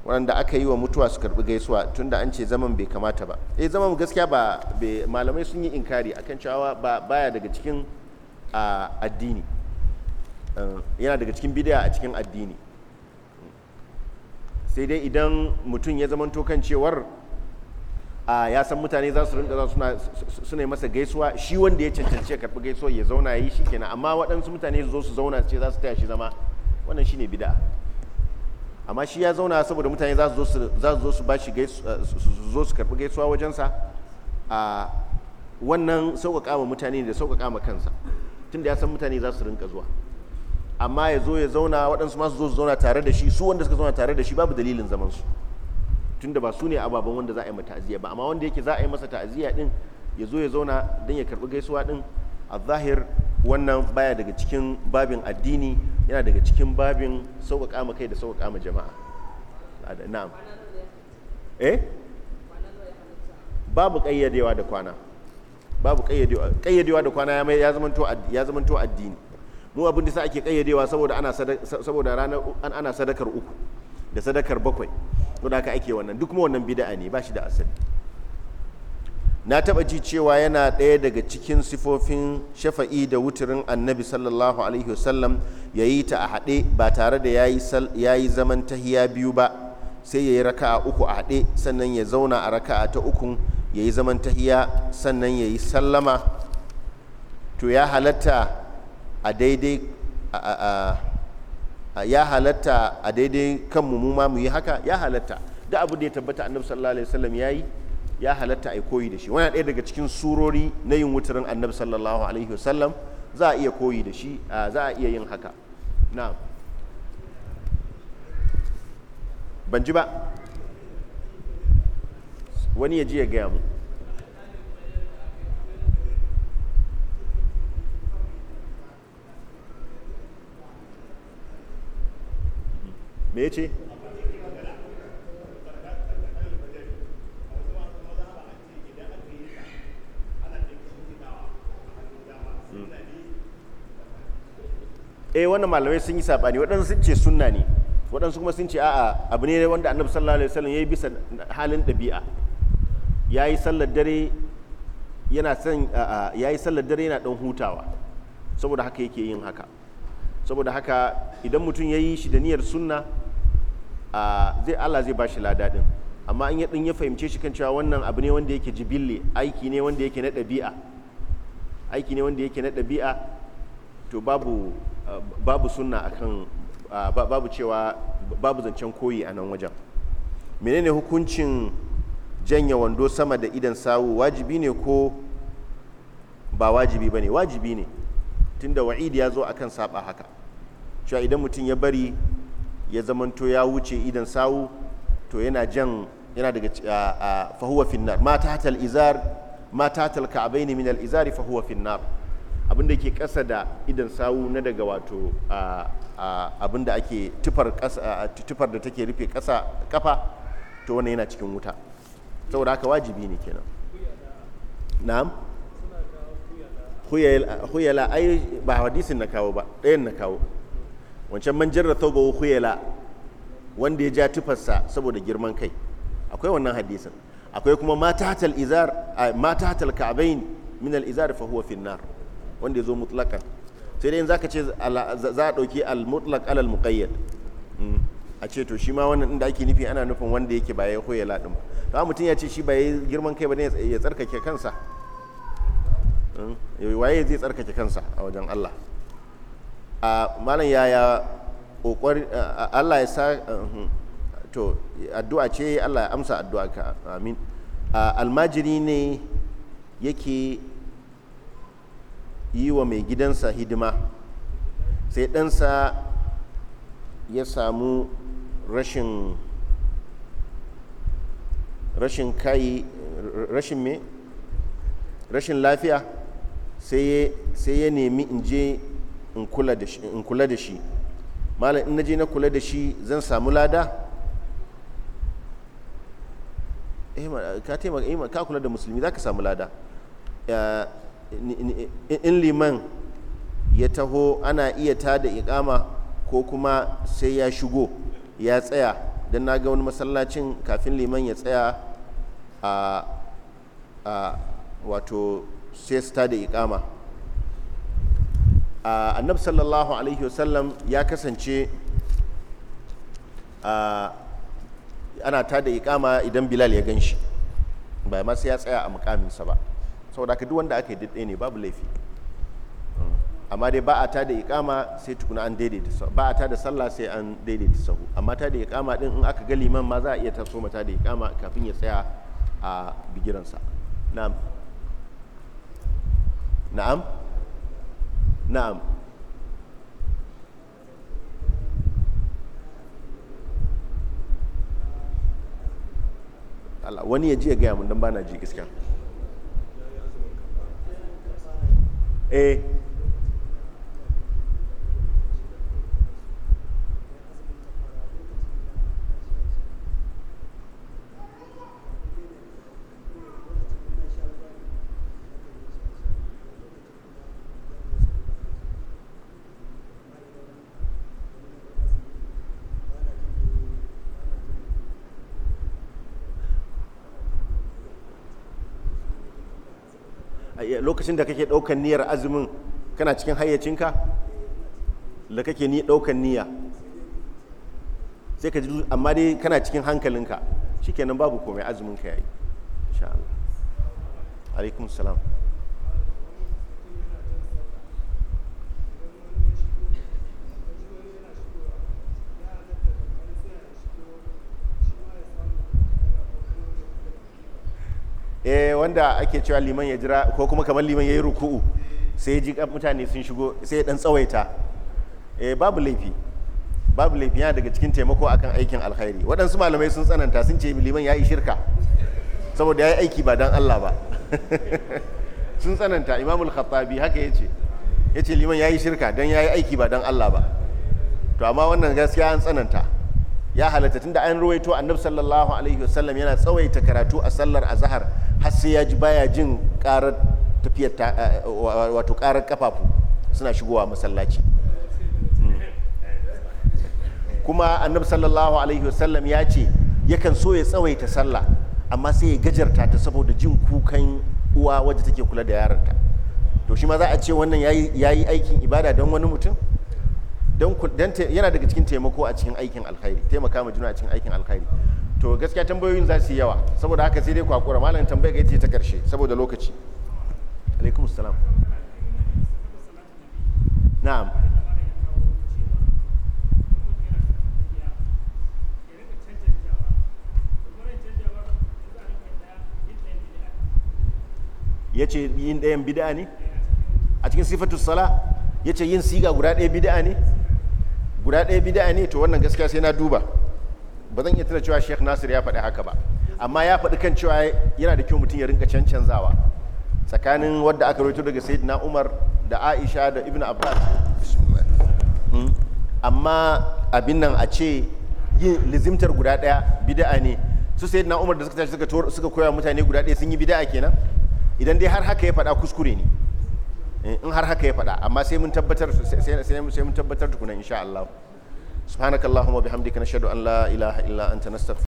waɗanda aka yi wa mutuwa su karɓi gaisuwa tunda an ce zaman bai kamata ba eh zaman gaskiya ba malamai sun yi inkari akan cewa ba baya daga cikin ah, addini eh, yana daga cikin bidiya a cikin addini sai dai idan mutum ya zamanto kan cewar a ya san mutane za su rinka suna suna masa gaisuwa shi wanda ya cancanci ya karɓi gaisuwa ya zauna ya yi shi kenan amma waɗansu mutane su zo su zauna su ce za su taya shi zama wannan shine bid'a amma shi ya zauna saboda mutane za su zo su ba shi zo su karɓi gaisuwa wajensa a wannan sauƙaƙa wa mutane da sauƙaƙa ma kansa tunda ya san mutane za su rinka zuwa amma ya zo ya zauna waɗansu masu zo su zauna tare da shi su wanda suka zauna tare da shi babu dalilin zaman su tunda ba su ne ababen wanda za a yi mata ta'aziyya ba amma wanda yake za a yi masa ta'aziyya din ya zo ya zauna don ya karɓi gaisuwa din a zahir wannan baya daga cikin babin addini yana daga cikin babin sauƙaƙa ma kai da sauƙaƙa ma jama'a na'am eh babu ƙayyadewa da kwana babu ƙayyadewa da kwana ya zamanto addini mu abin da sa ake kayyadewa saboda ana saboda ranar ana sadakar uku da sadakar bakwai to da haka ake wannan duk kuma wannan bid'a ne ba shi da asali na taba ji cewa yana ɗaya daga cikin sifofin shafa'i da wuturin annabi sallallahu alaihi wasallam yayi ta a haɗe ba tare da ya yi zaman tahiya biyu ba sai yayi raka'a uku a haɗe sannan ya zauna a raka'a ta ukun ya yi zaman tahiya sannan ya yi sallama to ya halatta a daidai ya halatta a daidai kanmu mu ma mu yi haka ya halatta da abu da ya tabbata annabi sallallahu alaihi wasallam yayi ya halatta a koyi da shi wani ɗaya daga cikin surori na yin wuturin annabi sallallahu alaihi wasallam za a iya koyi da shi za a iya yin haka na'am ban ji ba wani ya ji ya gaya mu me ya ce hmm. eh wannan malamai sun yi sabani waɗansu sun ce sunna ne waɗansu kuma sun ce a'a abu ne wanda annabi sallallahu alaihi wasallam yayi bisa halin ɗabi'a yayi sallar dare yana son yayi sallar dare yana ɗan hutawa saboda haka yake yin haka saboda haka idan mutum yayi shi da niyyar sunna zai Allah zai bashi lada din amma in ya din ya fahimce shi kan cewa wannan abu ne wanda yake jibilli aiki ne wanda yake na ɗabi'a aiki ne wanda yake na ɗabi'a to babu babu sunna akan babu cewa babu zancen koyi a nan wajen menene hukuncin janya wando sama da idan sawu wajibi ne ko ba wajibi ba ne wajibi ne tunda wa'idi ya zo akan saba haka cewa idan mutum ya bari ya zamanto ya wuce idan sawu to yana jan yana daga fahuwa finnar ma ta hatal izar ma ta hatal ka'abaini min al'izari izari fahuwa finnar abin da ke kasa da idan sawu na daga wato abin da ake tufar da take rufe kasa kafa to wannan yana cikin wuta saboda haka wajibi ne kenan na'am huyala ai ba hadisin na kawo ba ɗayan na kawo wancan man jarra thawbahu khuyala wanda ya ja tufarsa saboda girman kai akwai wannan hadisin akwai kuma ma tahtal izar ma tahtal ka'bayn min al izar fa huwa fi nar wanda yazo mutlaqan sai dai in zaka ce za a dauki al mutlaq al muqayyad hmm. a ce to shi ma wannan inda ake nufi ana nufin wanda yake ba ya hoya ladin ba to amma mutum ya ce shi ba ya girman kai ba ne ya tsarkake kansa hmm. waye zai tsarkake kansa a wajen Allah a malam yaya kokari Allah ya sa uhm, to addu'a ce Allah ya amsa addu'a ka amin almajiri ne yake yi wa mai gidansa hidima sai ɗansa ya samu rashin rashin kai rashin me rashin lafiya sai ya nemi in je in kula da shi malam in naje na kula da shi zan samu lada eh, eh, ka kula da musulmi za ka samu lada in liman ya taho ana iya ta da ikama ko kuma sai ya shigo ya tsaya don na ga wani masallacin kafin liman ya tsaya a wato sai ta da ikama annabi sallallahu alaihi wasallam ya kasance ana ta da ikama idan bilal ya gan shi ba ma sai ya tsaya a mukaminsa ba saboda ka duk wanda aka yi daɗe ne babu laifi amma dai ba a ta da ikama sai tukuna an daidaita sahu ba a ta da sallah sai an daidaita sahu amma ta da ikama din in aka ga liman ma za a iya taso mata da ikama kafin ya tsaya a bigiransa na'am na'am na'am wani ya ji ya gaya mun dan ba na ji gaskiya eh lokacin da kake ɗaukan niyyar azumin kana cikin hayyacinka da kake ni ɗaukan niyya sai ka ji amma dai kana cikin hankalinka shikenan babu komai azumin ka yayi insha Allah alaikum salam wanda ake cewa liman ya jira ko kuma kamar liman ya yi ruku'u sai ji mutane sun shigo sai dan tsawaita eh babu laifi babu laifi yana daga cikin taimako akan aikin alkhairi waɗansu malamai sun tsananta sun ce liman ya yi shirka saboda ya yi aiki ba dan Allah ba (laughs) sun tsananta imamul khattabi haka ya ce ya ce liman ya yi shirka don ya yi aiki ba don Allah ba to amma wannan gaskiya an tsananta ya halatta tunda an ruwaito annabi sallallahu alaihi wasallam yana tsawaita karatu a sallar azhar har sai ya ji baya jin karar tafiyar eh, wato karar kafafu suna shigowa masallaci hmm. kuma annabi sallallahu alaihi wasallam ya ce yakan so ya tsawaita sallah amma sai ya gajarta ta saboda jin kukan uwa wadda take kula da yaronta to shi ma za a ce wannan yayi aikin ibada don wani mutum don yana daga cikin taimako a cikin aikin alkhairi taimaka ma juna a cikin aikin alkhairi to gaskiya tambayoyin za su yi yawa saboda haka sai dai ku hakura malam tambaya ga ita ta karshe saboda lokaci alaikum salam na'am ya ce yin ɗayan bid'a ne a cikin sifatu sala ya ce yin siga guda ɗaya bid'a ne guda ɗaya bid'a ne to wannan gaskiya sai na duba ba zan iya tana cewa Sheikh Nasir ya faɗi haka ba amma ya faɗi kan cewa yana da kyau mutum ya rinka cancanzawa tsakanin wadda aka rawaito daga Sayyidina Umar da Aisha da Ibn Abbas hmm? amma abin nan a ce yin lizimtar guda ɗaya da'a ne su Sayyidina Umar da suka tashi suka koya mutane guda ɗaya sun yi bid'a kenan idan dai har haka ya faɗa kuskure ne Eh, in har haka ya faɗa amma sai mun tabbatar sai mun tabbatar tukuna insha Allah subhanakallahumma bihamdika nashhadu an la ilaha illa anta nastaghfiruka